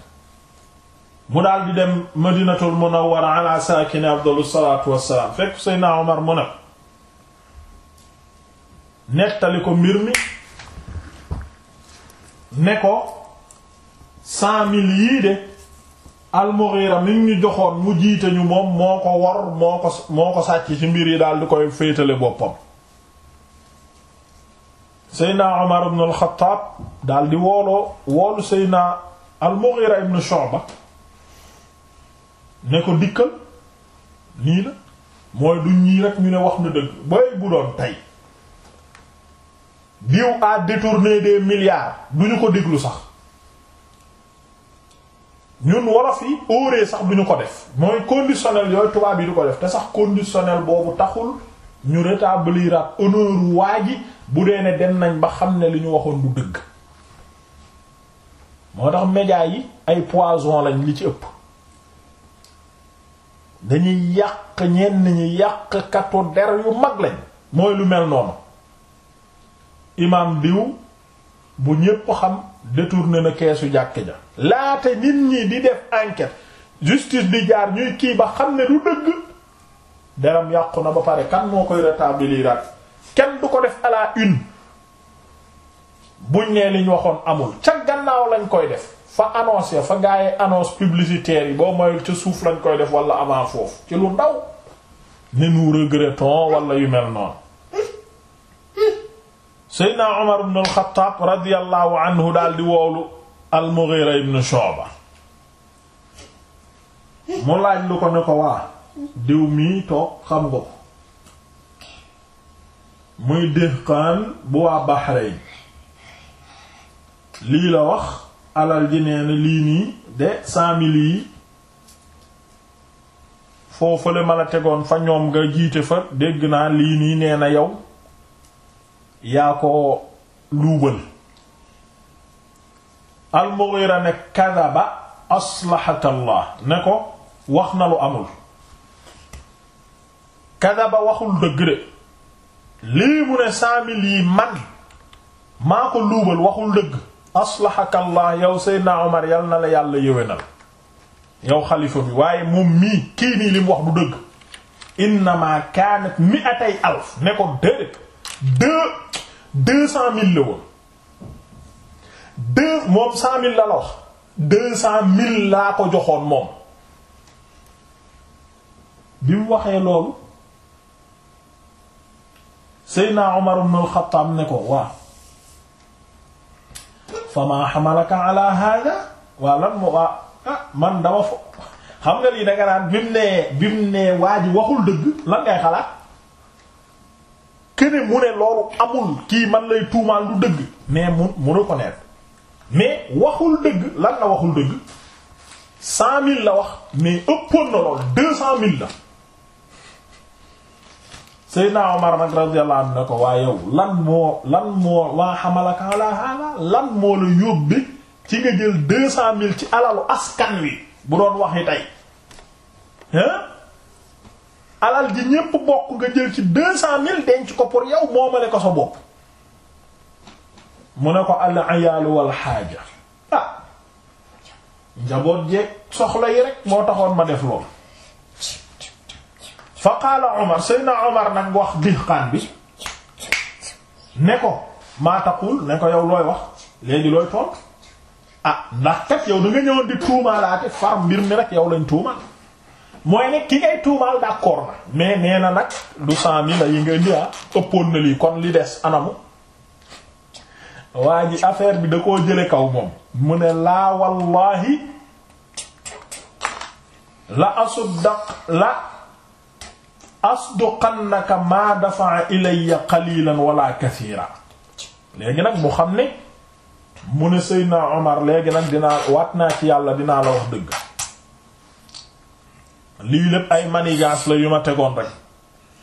mu daal di dem madinatul munawwara ala saakini afdalu salaatu wassalaam fekk Seydina Omar mu ne nettali ko mbir mi ne ko sant mille yii de al-Mughira mi joxoon mu jiite ñu moom moo ko wor moo ko moo ko sàcc ci mbir yi daal di koy féetale boppam Seydina Omar ibn al daal di wooloo woolu Seydina al-Mughira ibn ne ko dikkal nii la mooy du ñii rek ñu ne wax na dëgg bay bu doon tey diw a détourné des milliards duñu ko déglu sax ñun wolof yi óoree sax duñu ko def mooy conditionnel yooyu tubaab yi du ko def te sax conditionnel boobu taxul ñu rétablir ak honneur bu dee ne dem nañ ba xam ne li ñu waxoon du dëgg moo tax médias yi ay poison lañ li ci ëpp dañuy yàq ñenn ñi yàq katu der yu mag lañ mooy lu mel noonu imam diw bu ñépp xam détourné na keesu jàkk ja laata nit ñi di def enquête justice bi jaar ñuy kii ba xam ne du dëgg deram yàqu na ba pare kan moo koy rétablir kenn du ko def à la une buñ nee liñ waxoon amul ca gannaaw lañ koy def fa annonce ya fa gaayee annonce publicitaire yi boo mayul ca suuf lañ koy def wala avant foofu ci lu ndaw ne nous regrettons yu mel noonu seydna Umar ibn al-Khattab radiyallahu anhu daal woolu al-Mughira ibn mu laaj lu ko ne ko waa diw mii toog xam nga ko muy dehqaan bu waa Bahrayn lii la wax alal ji nee na lii nii de cent mille yi foofale ma la tegoon fa ñoom nga jiite fa dégg naa lii nii nee na yow yaa ko luubal al-Mughira ne kadaba aslahakallah ne ko wax na lu amul kadaba waxul dëgg de lii ne cent yi man maa ko luubal waxul dëgg aslahakallah yow Seydina Omar yal na la yàlla yéwénal yow xalifa bi waaye moom mii kii nii wax du dëgg innama kanat mi'atay alf ne ko déedéet deux deux cent mille la woon deux moom cent mille la la wax deux cent mille laa ko joxoon moom bi mu waxee loolu Seydina Umar ibn al-Khattab ne ko waaw fama hamalaka ala hada waaw lan moo waa ah man dama fo xam nga lii danga naan bi mu nee bi mu nee waa ji waxul dëgg lan ngay xalaat kene mu ne loolu amul kii man lay tuumaal lu dëgg mais mu mu reconnaître mais waxul dëgg lan la waxul dëgg cent mille la wax mais ëppoon na lool deux cent mille la Seydina Omar nag radiyallahu anhu ne ko waa yow lan moo lan moo waa xamalaka ala haala lan moo la yóbbe ci nga jël deux mille ci alalu askan wi bu doon waxi tey hein alal ji ñépp bokk nga jël ci deux cent mille denc ko pour yow moomale ko sa bopp mu ne ko al ayaalu wal xaaja ah njaboot jeeg soxla yi rek moo taxoon ma def lool fa qaala Omar Seydina Omar nag wax dihqaan bi ne ko maa taqul ne ko yow looy wax léegi looy toll ah ndax kat yow da nga ñëwoon di tuumaalaate far mbir mi rek yow lañ tuumaal mooy ne ki ngay tuumaal d'accord na mais nee na nag du cent yi nga indi ah ëppoon na lii kon li des anamu waa ji affaire bi da koo jële kaw moom mu ne laa wallahi la asuddak la asduqannaka maa dafa'a ilayya qalilan wala kathira léegi nag mu xam ne mu ne Seydina Omar léegi nag dinaa waat naa ci yàlla dinaa la wax dëgg lii lépp ay manigas la yu ma tegoon rek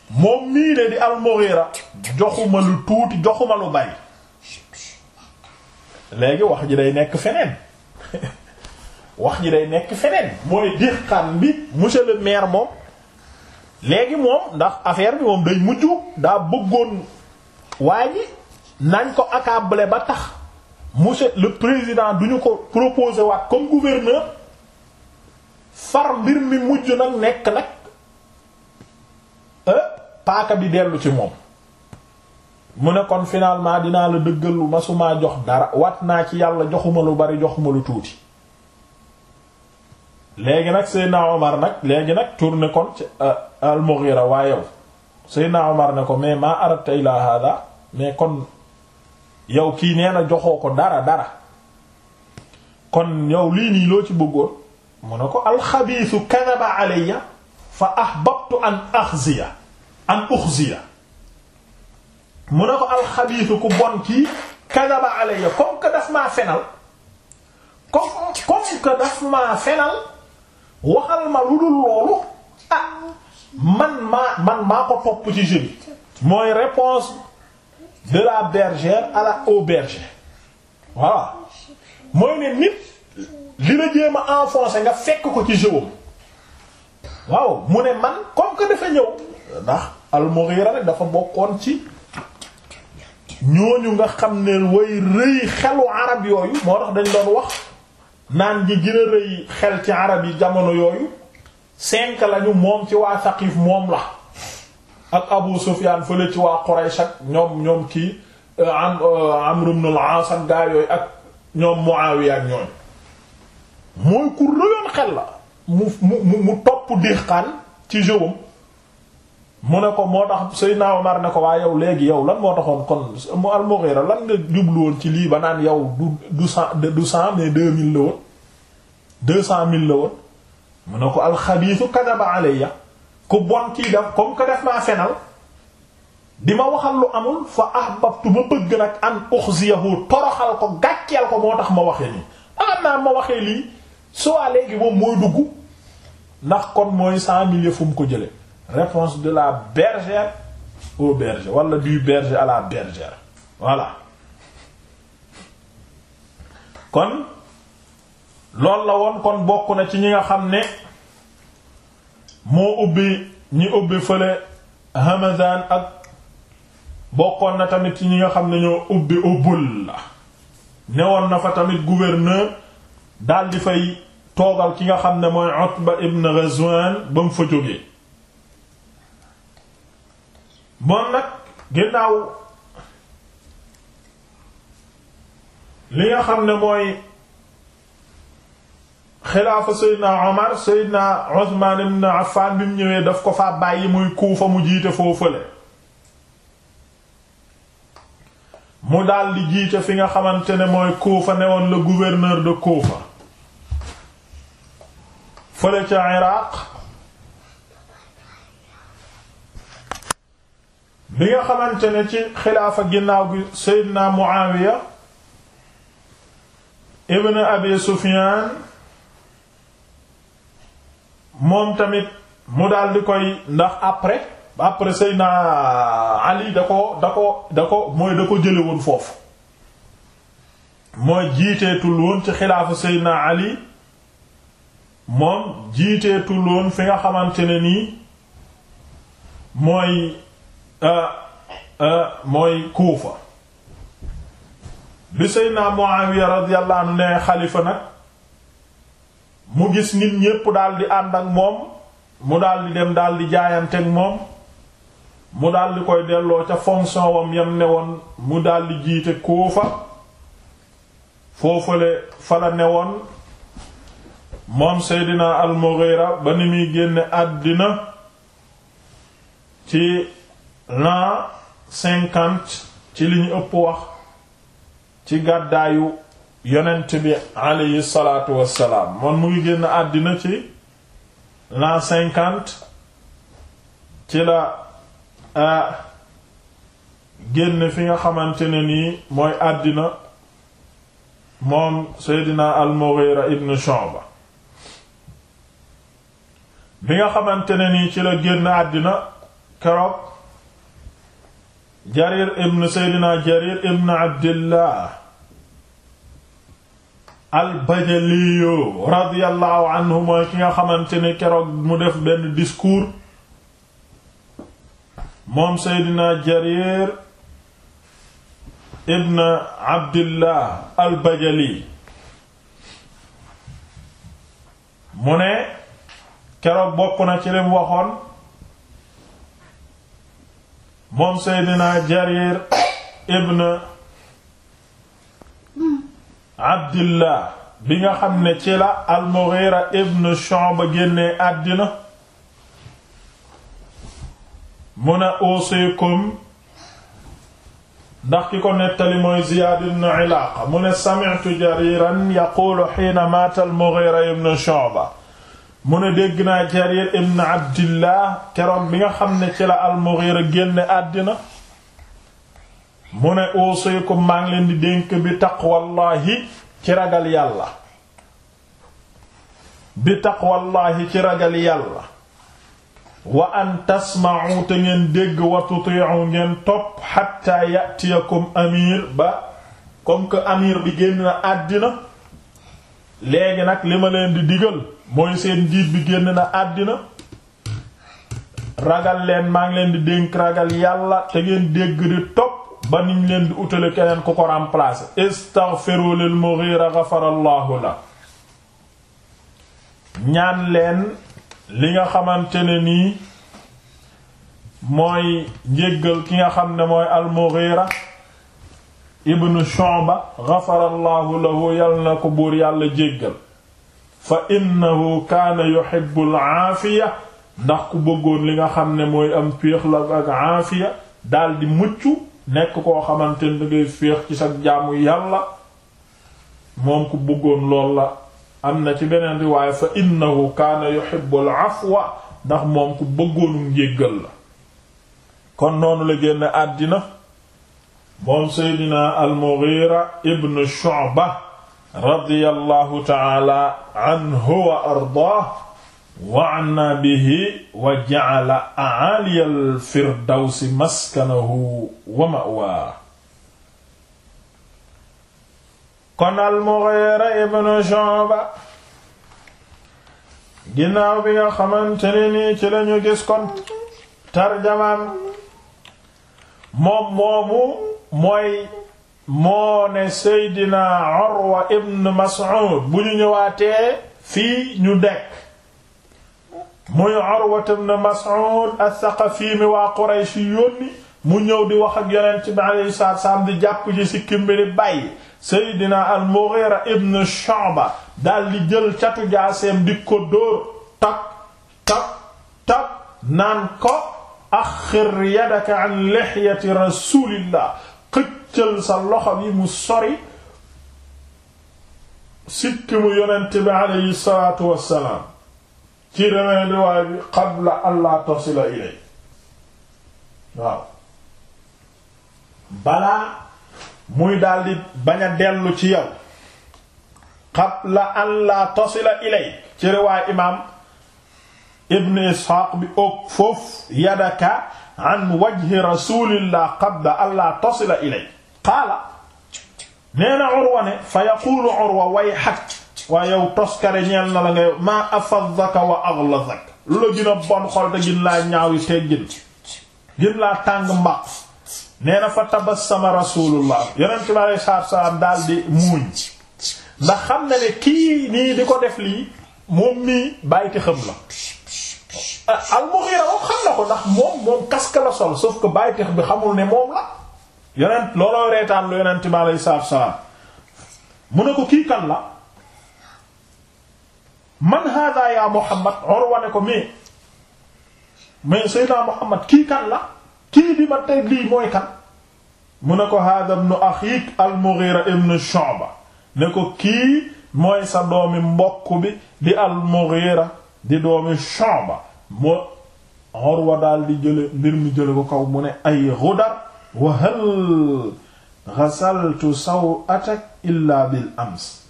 moom mii de di al-Mughira joxuma lu tuuti joxuma lu bari léegi wax ji day nekk feneen wax ji day nekk feneen mooy dixxaan bi monsieur le maire moom léegi moom ndax affaire bi moom day mujj daa bëggoon waa ji nañ ko accabler ba tax monsieur le président duñu ko proposer waat comme gouverneur far mbir mi mujj nag nekk nag euh, paaka bi dellu ci moom mu ne kon finalement dinaa la dëggal lu masumaa jox dara wat naa ci yàlla joxuma lu bari joxuma lu tuuti léegi nag Seydina Omar nag léegi nag tuur ne kon ci euh, al-Mughira waa yow Seydina Omar ne ko mais maa arabta ilaa hada mais kon yow kii nee na joxoo ko dara dara kon yow lii nii loo ci bëggoon mu ne ko ko alxabiisu ku bon kii kadaba alayya comme que fenal comme ma lu loolu ah man maa man ko topp ci jeu bi mooy réponse de la bergère à la au berger mooy ne nit li la jéem a enfoncé nga fekk ko ci jëwam waaw mu ne man comme que dafa ñëw ndax al-Mughira dafa bokkoon ci ñooñu nga xam ne way rëy xelu arab yooyu moo tax dañ doon wax naan gi gën a rëy xel ci arab yi jamono yooyu cinq lañu moom ci waa Saqif moom la ak Abu Sufyan fële ci waa Quraysh ak ñoom ñoom kii eh, am eh, Amr ibn al-As yooyu ak ñoom Muawiya ak ñooñu mooy ku rëyoon xel la mu mu mu topp dixxaan ci jëwam mu ne ko moo tax Seydina Omar ne ko waaye yow léegi yow lan moo taxoon kon mu al-Mughira lan nga jubluwoon ci lii ba naan yow du du cent du cent mais deux mille la woon deux cent mille la woon mu ne ko alxadiisu kadaba alayya ku bon kii def comme que def naa fenal di ma waxal lu amul fa ahbabtu ma bëgg nag an uxziyahu toroxal ko gàcceel ko moo tax ma waxee nii ah naa ma waxee lii soit léegi moom mooy dugg ndax kon mooy cent mille fu mu ko jële réponse de la bergère au berger wala du berger à la bergère voilà kon loolu la woon kon bokk na ci ñi nga xam ne moo ubbi ñi ubbi fële Hamadan ak bokkoon na tamit ci ñi nga xam ne ñoo ubbi Ubul la newoon na fa tamit gouverneur daal di fay toogal ki nga xam ne mooy Utba ibn Ghazwan ba mu fa jógee moom nag ginnaaw li nga xam ne mooy xilaafa Seydina Omar Seydina Othman ibn Affan bi ñëwee daf ko faa bàyyi muy Kuufa mu jiite foofale mu daldi jiite fi nga xamante ne mooy Kuufa newoon le gouverneur de Kuufa fële ca Iraq bi nga xamante ne ci xilaafa ginnaaw gi Seydina Muawiya ibn Abi Sufyan moom tamit mu daal di koy ndax après après Seydina Ali da ko da ko da ko mooy da ko jële woon foofu mooy jiiteetul woon ci xilaafa Seydina Ali moom jiiteetuloon fi nga xamante ne nii mooy euh, euh, mooy Kuufa bi Seydina Muawiya radiyallahu anhu ne xalifa nag mu gis nit ñépp daldi ànd ak moom mu daldi dem daldi jaayante ak moom mu daldi koy delloo ca fonction wam yam ne woon mu daldi jiite Kuufa foofale fa la ne woon moom seydina al-Mughira ba ni muy génne àddina ci l'an cinquante ci li ñu ëpp wax ci gàddaayu yonent bi aleyhi salaatu wassalaam moom mu ngi génn àddina ci l'an cinquante ci la euh, génn fi nga xamante ne nii mooy àddina moom seydina al-Mughira ibn Shu'ba bi nga xamante ne nii ci la génn àddina keroog jarir ibn seydina jarir ibn abdillah albajaliyu radiallahu anhu ki nga xamante ni keroog mu def benn discours moom seydina jarir ibn abdillah albajali mu ne keroog bokk na ci lim waxoon moom seydina jarir ibn abdillah bi nga xam ne ci la al-Mughira ibn Shu'ba génnee àddina mun a usikum ndax ki ko nettali mooy Ziyaad ibn Ilaaqa mu ne sami'tu jariran yaqulu hiina maata al-Mughira ibn Shu'ba mu ne dégg naa Jarir ibn Abdillah keroog bi nga xam ne ci la al-Mughira génne àddina mu ne uusikum maa ngi leen di dénk bi taqwallahi ci ragal yàlla bi taqwallahi ci ragal yàlla wa an tasma'u te ngeen dégg wa tuti'u ngeen topp hatta ya'tiyakum amir ba comme que amir bi génn na àddina léegi nag li ma leen di digal mooy seen njiit bi génn na àddina ragal leen maa ngi leen di dénk ragal yàlla te ngeen dégg di topp ba niñ leen di utale keneen ku ko remplacer istaghfiru lil Mughira ghafarallahu la ñaan leen li nga xamante ne nii mooy njéggal ki nga xam ne mooy al Mughira ibnu Shu'ba ghafarallahu lahu yàlla na ko buur yàlla jéggal fa innahu kaana yuhibbu al-aafiya ndax ku bëggoon li nga xam ne mooy am féex la ak aafiya daldi mucc nekk koo xamante ne dangay féex ci sa jaamu yàlla moom ku bëggoon lool la am na ci beneen riwaaya fa innahu kaana yuhibbu al-afwa ndax moom ku bëggoonum njéggal la kon noonu la génn àddina moom Seydina al-Mughira ibn Shu'ba radiyallahu taala anhu wa ardaah wa anna bihi wa ja'ala a'aliyal firdawsi maskanahu wa ma'waa kon al-Mughira ibn Shu'ba ginnaaw bi nga xamante ne nii ci lañu gis kon tarjamaan moom moomu mooy moo ne Seydina Urwa ibn Mas'ud bu ñu ñëwaatee fii ñu dekk muy Urwa ibn Mas'ud as-Saqafi mi waa Quraysh mu ñëw di wax ak Yonent bi alayhi salaatu salaam di jàpp ci sikkim bi di Seydina al-Mughira ibn daal di jël catu jaaseem di ko dóor tak tak tak naan ko axir yadaka an lihyati rasulillah xëccal sa loxo bi mu sori sikki mu yonent bi aleyhi salaatu wassalaam ci remee di waay bi qabla allah tasila ilay waaw balaa muy daldi bañ a dellu ci yow qabla an la tasila ilay ci riwaay imaam ibn isxaaq bi ukfuf yadaka an wajhi rasulillah qabla an la tasila ilay qaala nee na Urwa ne fa yaquulu Urwa way xaq waa yow toskare ñeel na la nga yow maa afadaka wa aghlasak lu la gën bon xol te gën laa ñaawi teggin gën laa tàng mbaq nee fa tabassama rasulullah yonent bi alei ndax xam na di ko def lii moom mii bàyyiti xam la ndax moom moom casque la sol sauf que bàyyitex xamul ne moom la yonent looloo reetaan lu yonent bi aleyhi salaatu wa salaam mu ne ko kii kan la man hada ya Muhammad Urwa ne ko mais mais Seydina Muhammad kii kan kii bi ma tey mooy kan mu ne ko hada ibnu axiik al-Mughira ibnu Shu'ba ne ko kii mooy sa doomi mbokk bi di al-Mughira di doomi Shu'ba moo Urwa daal di jële mbir mu jële ko kaw mu ne ay Ghudar wa hal ghasaltu saw'atak illa bil ams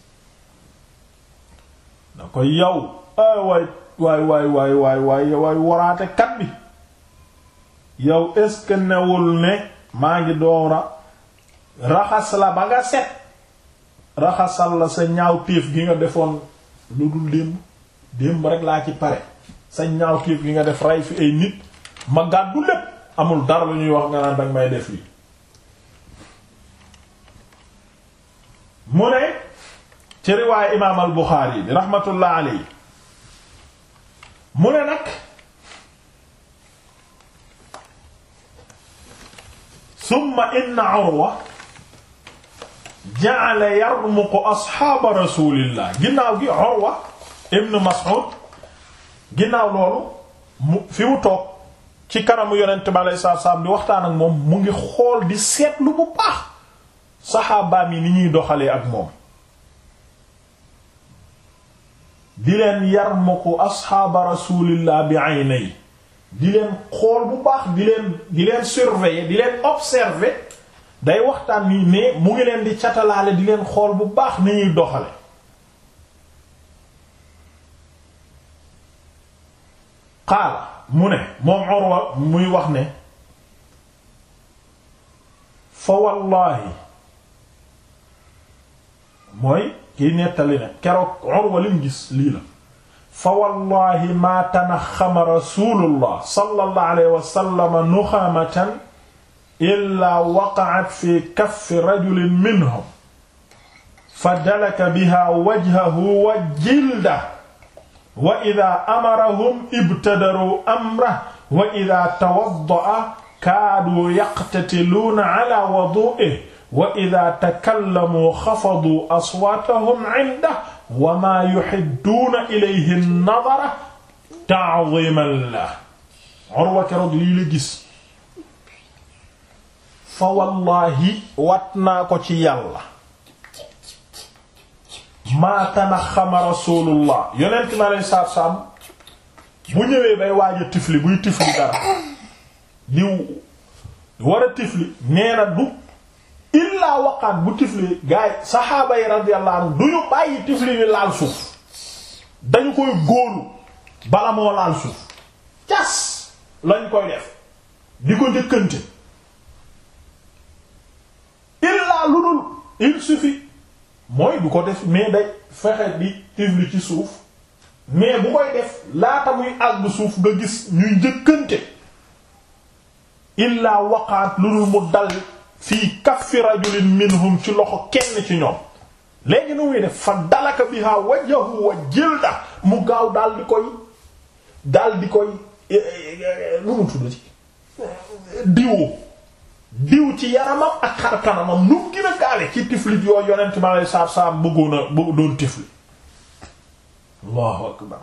na ko yow ay waay waay waay waay waay waay waraate kat bi yow est-ce ne maa ngi doora raxas la ba nga set raxasal la sa ñaaw téef gi nga defoon lu dul démb démb rek laa ci pare sa ñaaw téef gi nga def rey fi ay nit ma gàddu lépp amul dara lu ñuy wax nga naan danga may def lii mu ne ci riwaaye imaam al Buxaari bi raxmatullah alayhi mu ne nag summa inna Urwa ja'ala yarmuqu asxaaba rasulillah ginnaaw gi Urwa ibn Mas'ud ginnaaw loolu mu fi mu toog ci kanamu yonent bi alayhi salaatu di waxtaan ak moom mu ngi xool di seetlu bu baax saxaabaam yi ni ñuy doxalee ak moom di leen yarmuqu asxaaba rasulillah bi aynay di leen xool bu baax di leen di leen surveiller di leen observer day waxtaan ni ne mu ngi leen di catalaale di leen xool bu baax ni ñuy doxale qaala mu ne moom Urwa muy wax ne fa wallaahi mooy kiy nettali ne keroog Urwa lim gis lii la fa wallaahi maa tanaxama rasulullah sallallahu alayhi wa sallam nuxaamatan illaa waqa'at fi kaffi rajulin minhum fa dalaka biha wajhahu wa jildahu wa ida amarahum ibtadaru amra wa ida tawaddaa kaadu yaqtatiluuna ala wadu'ih wa ida takallamu xafaduu aswaatahum indahu wa maa yuhidduuna ilayhi nadara ta'ziiman lahu Urwa keroog lii la gis fa wallaahi wat naa ko ci yàlla maa tanaxama rasulullah yonent mi aleyhi salaatu salaam bu ñëwee bay waaj tifli buy tifli dara di war a tifli nee du illaa waqaat bu tifli gaay saxaaba yi radiyallahu du ñu bàyyi tifli bi laal suuf dañu koy góolu bala moo laal suuf cas lañ koy def di ko njëkkante illaa lu dul il suffit mooy du ko def mais day fexe bi tifli ci suuf mais bu koy def laata muy àgg suuf nga gis ñuy njëkkante illaa waqaat lu dul mu dal fii kaffi rajulin minhum ci loxo kenn ci ñoom léegi nu muy def fa dalaka biha wajhahu wa jilda mu gaaw daal di koy daal di koy lu eh, eh, eh, mu tudd ci diwoo diw ci yaramam ak xar nu gën a gaale ci tiflit yooyu yonent ma lay saab saab bëggoon a doon tifli allahu akbar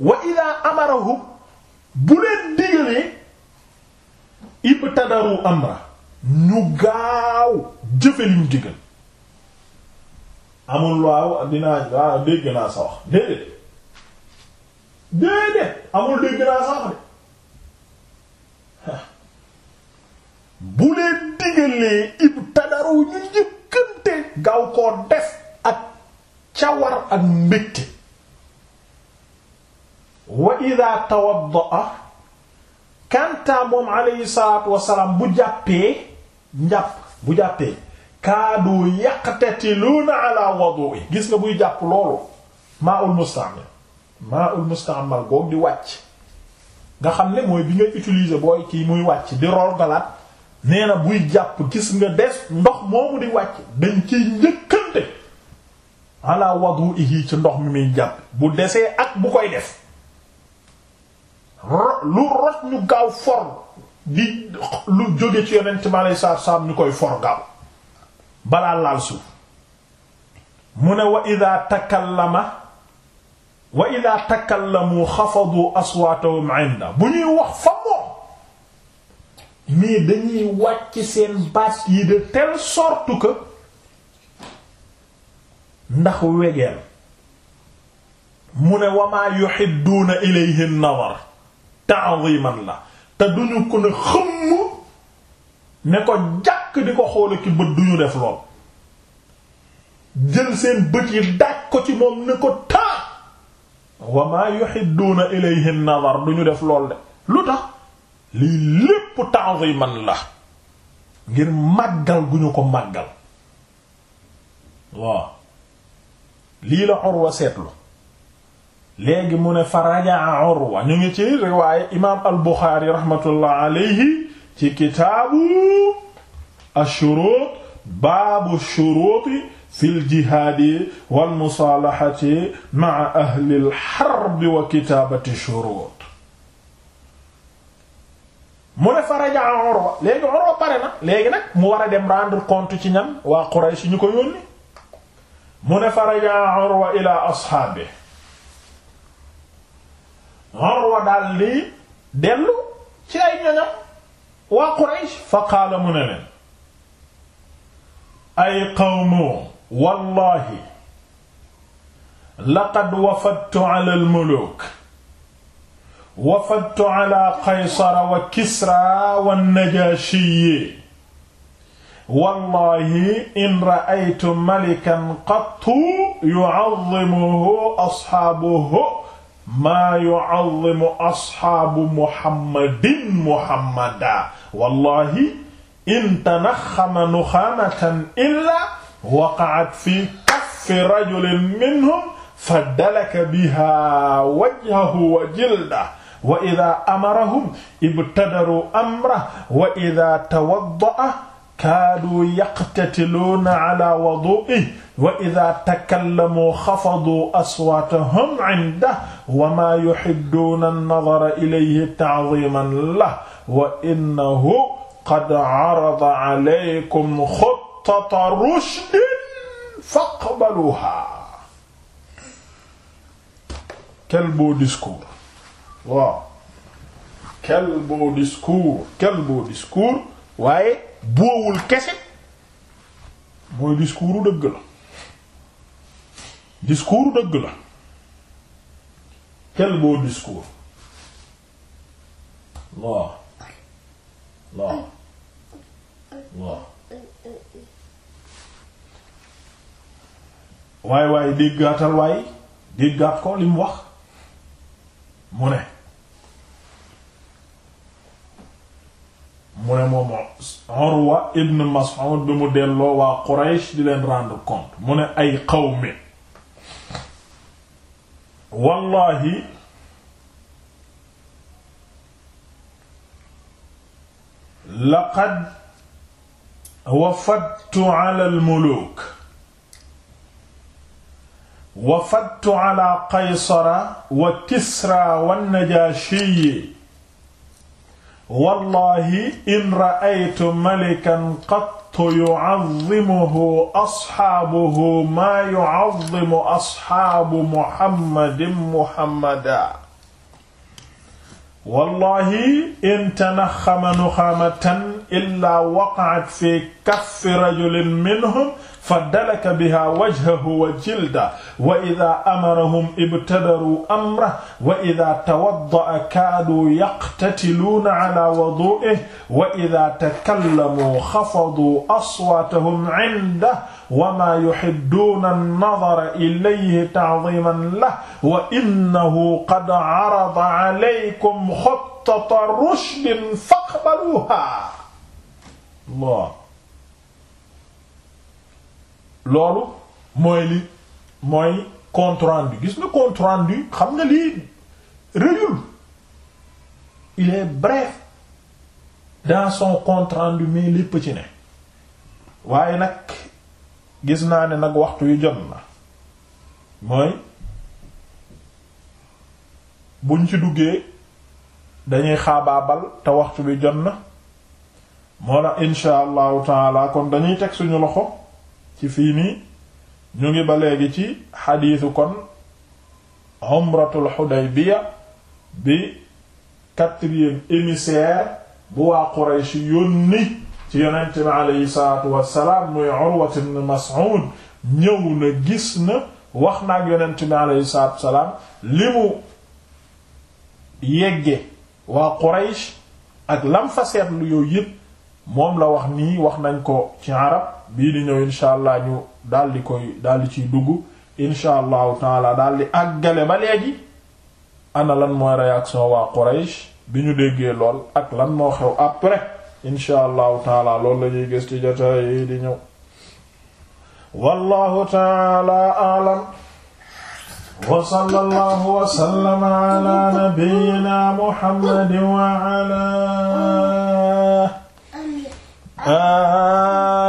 wa idaa amarahum bu leen digalee ibtadaru amra ñu gaaw jëfe liñ digal amul dinaa dégg naa sa wax déedéet déedéet amul dégg naa sa wax de bu leen digalee ib tadaraw ñu njëkkante gaaw koo def ak cawar ak mbégte wa ida tawaddaa kantaa moom aleyhi salatu bu jàppee njàpp bu jàppee kaadu yaqtatiluuna ala wudu'i gis nga buy jàpp loolu maa ul musta'mal maa ul musta'mal goog di wàcc nga xam ne mooy bi ngay utiliser booy kii muy wàcc di rogalaat nee na buy jàpp gis nga des ndox moomu di wàcc dañ ciy njëkkante ala wadu ihi ci ndox mi muy jàpp bu desee ak bu koy def lu rot ñu gaaw for di lu jóge ci yonent mi alei saatu ñu koy for gaaw balaa laal suuf mu ne wa ida takallama wa ida takallamu xafadu aswaatahum inda bu ñuy wax fa mais dañuy wàcc seen baat yi de tel sortu que ndax wegeel mu ne wamaa yuhidduuna ilayhi an-nazar ta'ziman la te duñu ko ne xëmm ne ko jàkk di ko xoole ki bët duñu def lool jël seen bët yi dàq ko ci moom ne ko taa wamaa yuhidduuna ilayhi an-nazar duñu def lool de lu tax lii lépp ta'ziman la ngir màggal gu ñu ko màggal waaw lii la Urwa seetlu léegi mu ne fa rajaa Urwa ñu ngi ci riwaaye imaam al-Buxaari rahmatullah alayhi ci kitaabu ash-shuruut baabu ash-shuruut fi al-jihaadi wal musaalahati ma'a ahli al-harbi wa kitaabati ash-shuruut mu ne faraja Urwa léegi Urwa pare na léegi nag mu war a dem rendre compte ci ñan waa Quraysh ñu ko yónni mu ne faraja Urwa ila ashaabi Urwa daal lii ci ay ñoñam waa Quraysh fa qaala mu ne leen ay qawmu wallahi laqad wafadtu ala al muluk wafadtu ala qaysara wa kisra wa najaashiyi wallahi in ra'aytu malikan qattu yu'azzimuhu asxaabuhu maa yu'azzimu asxaabu muhammadin muhammadan wallahi in tanaxxama nuxaamatan illaa waqa'at fi kaffi rajulin minhum fadalaka bihaa wajhahu wa jildahu wa ida amarahum ibtadaru amra wa ida tawaddaa kaaduu yaqtatiluuna ala wadu'i wa ida takallamu xafaduu aswaatahum inda wa maa yuhibbuuna an-nadara ilayhi ta'ziiman lahu wa innahu qad carada alaykum xuttata rushdin faqbaluuhaa. Quel beau discours waaw quel beau discours quel beau discours waaye boowul kese mooy discours dëgg la discours dëgg la quel beau discours waaw waaw waaw waay waay déggaatal waay déggaat ko li wax mu ne mu ne moom Urwa ibn Mas'ud bi mu delloo waa Quraysh di leen rendre compte mu ne ay qawmi wallahi laqad wafadtu ala al-muluk wafadtu ala Qaysara wa Kisra wa an-Najashi wallahi in ra'aytu malikan qattu yu'azzimuhu asxaabuhu maa yu'azzimu asxaabu muhammadin muhammada wallahi in tanaxxama nuxaamatan illaa waqa'at fi kaffi rajulin minhum fa dalaka biha wajhahu wa jilda wa ida amarahum ibtadaruu amra wa ida tawaddaa kaaduu yaqtatiluuna ala waduihi wa ida takallamuu xafaduu aswaatahum cinda wa maa yuhibbuuna an-nadara ilayhi ta'ziiman lahu wa innahu qad carada calaykum xuttata rushdin faqbaluuhaa loolu mooy li mooy compte rendu gis nga compte rendu xam nga lii rëyul il est bref dans son compte rendu mais ci ne waaye nag gis naa ne nag waxtu yu jot na mooy buñ ci duggee dañuy xaabaabal te waxtu bi jot na moo na insha allahu taala kon dañuy teg suñu loxo ci fii nii ñu ngi ba léegi ci xadiisu kon umratul Hudaybiya bi quatrième émissaire bu waa Quraysh yónni ci yonente bi aleyhi salaatu wassalaam muy Urwat ibn Mas'ud ñëw na gis na wax naag yonente bi aleyhi salaatu wassalaam li mu yegge waa Quraysh ak lam fa seetlu yooyu yëpp moom la wax nii wax nañ ko ci arab bii di ñëw incha allah ñu daal koy daal ciy dugg incha allahu taala àggale ba léegi ana lan mooy réaction waa Quraysh bi ñu déggee lool ak lan moo xew après incha allahu taala loolu gis ci jotaay yi di ñëw wallahu taala a'lam wa sallallahu wa sallama ala nabiyyina muhammadin wa ala